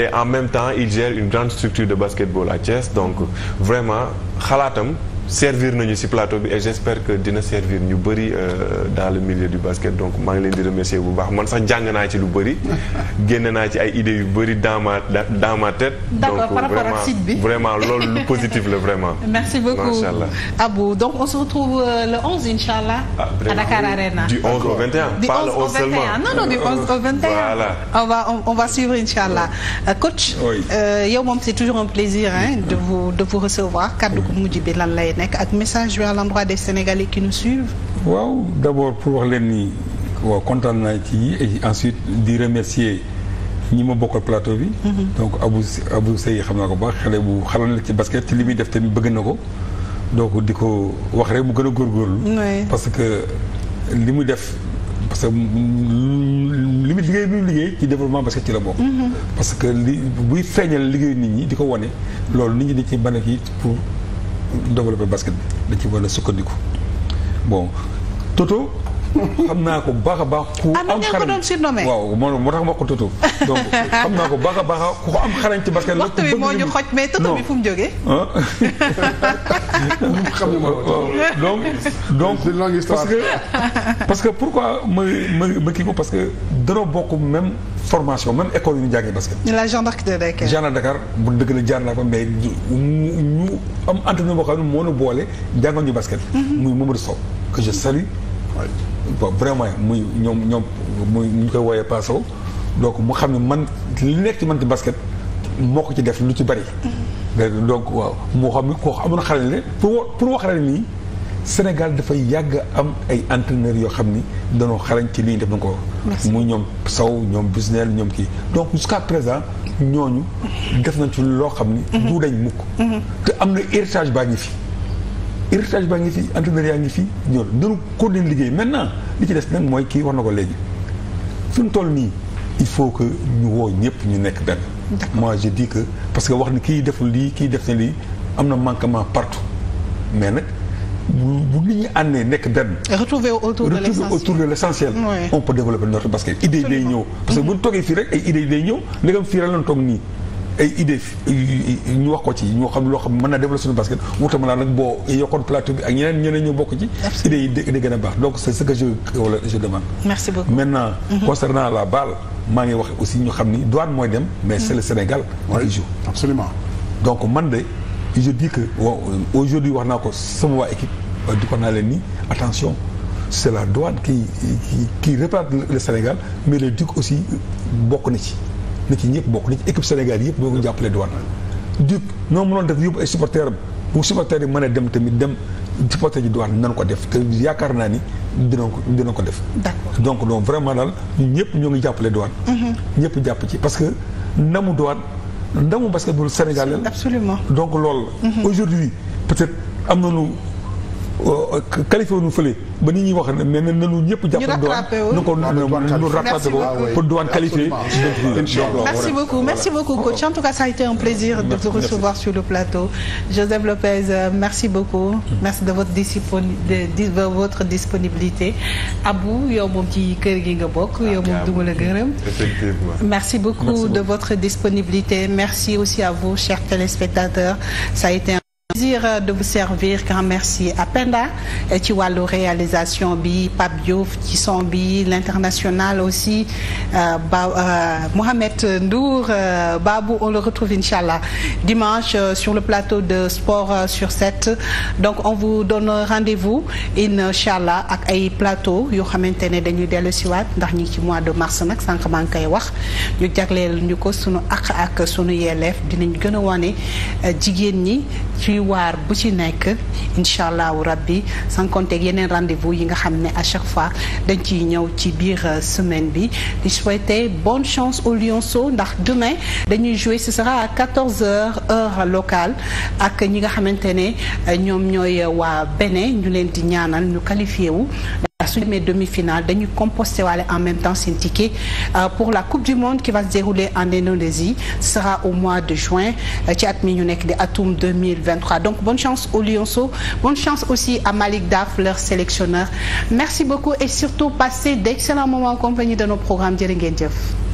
et en même temps il gère une grande structure de basketball à Thiès donc vraiment xalaatam servir nañu si plateau bi et j'espère que dina servir ñu bari euh, dans le milieu du basket donc maa ngi leen di remercier bu baax man sax jàng naa ci lu bëri génn naa ci ay idées yu bëri dama ma dans ma tête d'accord par rapport ak site bi vraiment loolu lu positif la vraiment merci beaucoup macha allah Abou donc on se retrouve euh, le 11 incha allah a ah, Dakar Arena du 11 au 21 pas le 11 seulement non du 11 au 21 voilà on va on va suivre incha allah euh, coach yow moom c'est toujours un plaisir hein de vous de vous recevoir kaddu gu mujj bi nekk ak message bi à l'endroit des Sénégalais ki nous suivent. waaw d'abord pour wax leen ni waaw kontaan naa ci et ensuite di remercier ñi ma bokkal plateau bi. Mm-hmm. donc abu Abou Abou Seye xam naa ko baax xale bu xaral ci basket ci li muy def tamit bëgg na ko donc di ko wax rek mu gën a góor góorgóorlu. parce que li mu def. parce que li muy liggéey bi mu liggéey ci développement basket ci la bokk. Mm-hmm. parce que li buy feeñal liggéey nit ñi di ko wone loolu nit ñi dañ ci mën a kii développer basket bi da ci war a sukkandiku bon Toto xam naa ko baax a baax. ku am ah, xarañ waaw moo tax ma ko tutu donc xam naa ko baax a baax ku am xarañ ci basket. la waxtu bi moo ñu xoj mais tutu bi fu mu jógee. Ah. donc donc parce que parce que pourquoi ma ma ma kii ko parce que danoo bokk même formation même école yu ñu jàngee basket. la Jeanne d'Arc de Dakar. Jeanne d'Arc Dakar bu dëgg la jaar naa fa mais ñu am entraîneur boo xam ne moo ñu boole jàngoon ñu basket. Mm-hmm. muy Mamadou Sow que je salue. bon vraiment muy ñoom ñoom muy ñu koy wooyee Paso donc mu xam ne man lu nekk ci manti basket moo ko ci def lu ci bari. donc waaw moo xam ni ko amoon xale ne pour pour wax la Sénégal dafay yàgg am ay entraîneurs yoo xam ni danoo xarañ ci lii def na ko. muy ñoom saw ñoom business ñoom kii donc jusqu'à présent ñooñu def nañ ci loo xam ni. Mm-hmm. du dañ mukk mm-hmm. te am na héritage baa ngi fi. héritage baa ngi fi entreprenariat yaa ngi fi ñor dañu coordonné liggéey maintenant li ci des nag mooy kii wax na ko léegi fi mu toll nii il faut que ñu woo ñëpp ñu nekk benn. moi je dis que parce que wax ni kii deful lii kii def na lii am na manquement partout mais nag l' essentiel retrouver autour de l' essentiel. on peut mhm. fii rek ay idée day ñëw ndegam fii rek lañ toog nii. ay idée ñu wax ko ci ñoo xam loo xam mën naa développer suñu basket wutama laa nag boo yokkoon plateau bi ak ñeneen ñeneen ñu bokk ci idée yi idée gën a baax donc c'est ce que je wala je demande merci beaucoup mm-hmm. la balle maa ngi wax aussi ñu xam ni douane mooy dem mais c'est le mm-hmm. Sénégal qui joue absolument donc man de je di que aujourd'hui wax naa ko sama waa équipe di ko naa leen ni attention c'est la douane qui qui qui représente le Sénégal mais le DUC aussi bokk na ci na ci ñëpp bokk na ci équipe Sénégal yëpp boo ko jàppale di war na duc noonu mënoon def yóbbu ay supporteurs am bu supporteurs yi mën a dem tamit dem supporteurs yi di war ko def te yaakaar naa ni dinañ ko dinañ ko def. donc donc vraiment daal ñëpp ñoo ngi jàppale diwaan. Mm-hmm. ñëpp jàpp ci parce que ndamu diwaan ndamu basketball Sénégal donc loolu mm-hmm. aujourd'hui peut am na lu. qualifié wu ñu fële ba ni ñuy wax ne ne nanu ñëpp jàpp douane na ko nu rattrapé ko ah pour douane qualifié merci beaucoup merci beaucoup coach en tout cas ça a été un plaisir de te recevoir sur le plateau Joseph Lopez euh, merci beaucoup merci de votre disponibilité Abou yow moom ci kër gi nga bokk ah, yow moom duma la merci beaucoup de votre disponibilité merci aussi à vous chers téléspectateurs plaisir euh, de vous servir grand merci à Penda ci wàllu réalisation bi Pape Diouf ci son bi l'international aussi euh, ba euh, Mohamed Ndour Babou on le retrouve inchallah dimanche sur le plateau de Sport sur 7 donc on vous donne rendez-vous inchallah ak ay plateau yoo xamante ne dañuy dellu siwaat ndax ñi ci mois de mars nag sànq maa ngi koy wax ñu jagleel ñu ko sunu ak ak sunu yelleef dinañ gën a wane jigéen ñi ci couloir bu ci nekk incha allahu rabbi sans compter yeneen rendez-vous yi nga xam ne à chaque fois dañ ciy ñëw ci biir euh, semaine bi di souhaiter bonne chance au lionceau ndax demain dañuy jouer ce sera à 14 heure locale ak ñi nga xamante ne euh, ñoom ñooy euh, waa Bénin ñu leen di ñaanal ñu qualifié wu suñu demee demi-finale dañuy composté waale en même temps seen ticket euh, pour la coupe du monde qui va se dérouler en Indonésie sera au mois de juin euh, ci at mi ñu nekk di atum 2023 donc bonne chance aux Lionceaux bonne chance aussi à Malick Daf leur sélectionneur merci beaucoup et surtout passez d'excellents moments en compagnie de nos programmes jërë ngeen jëf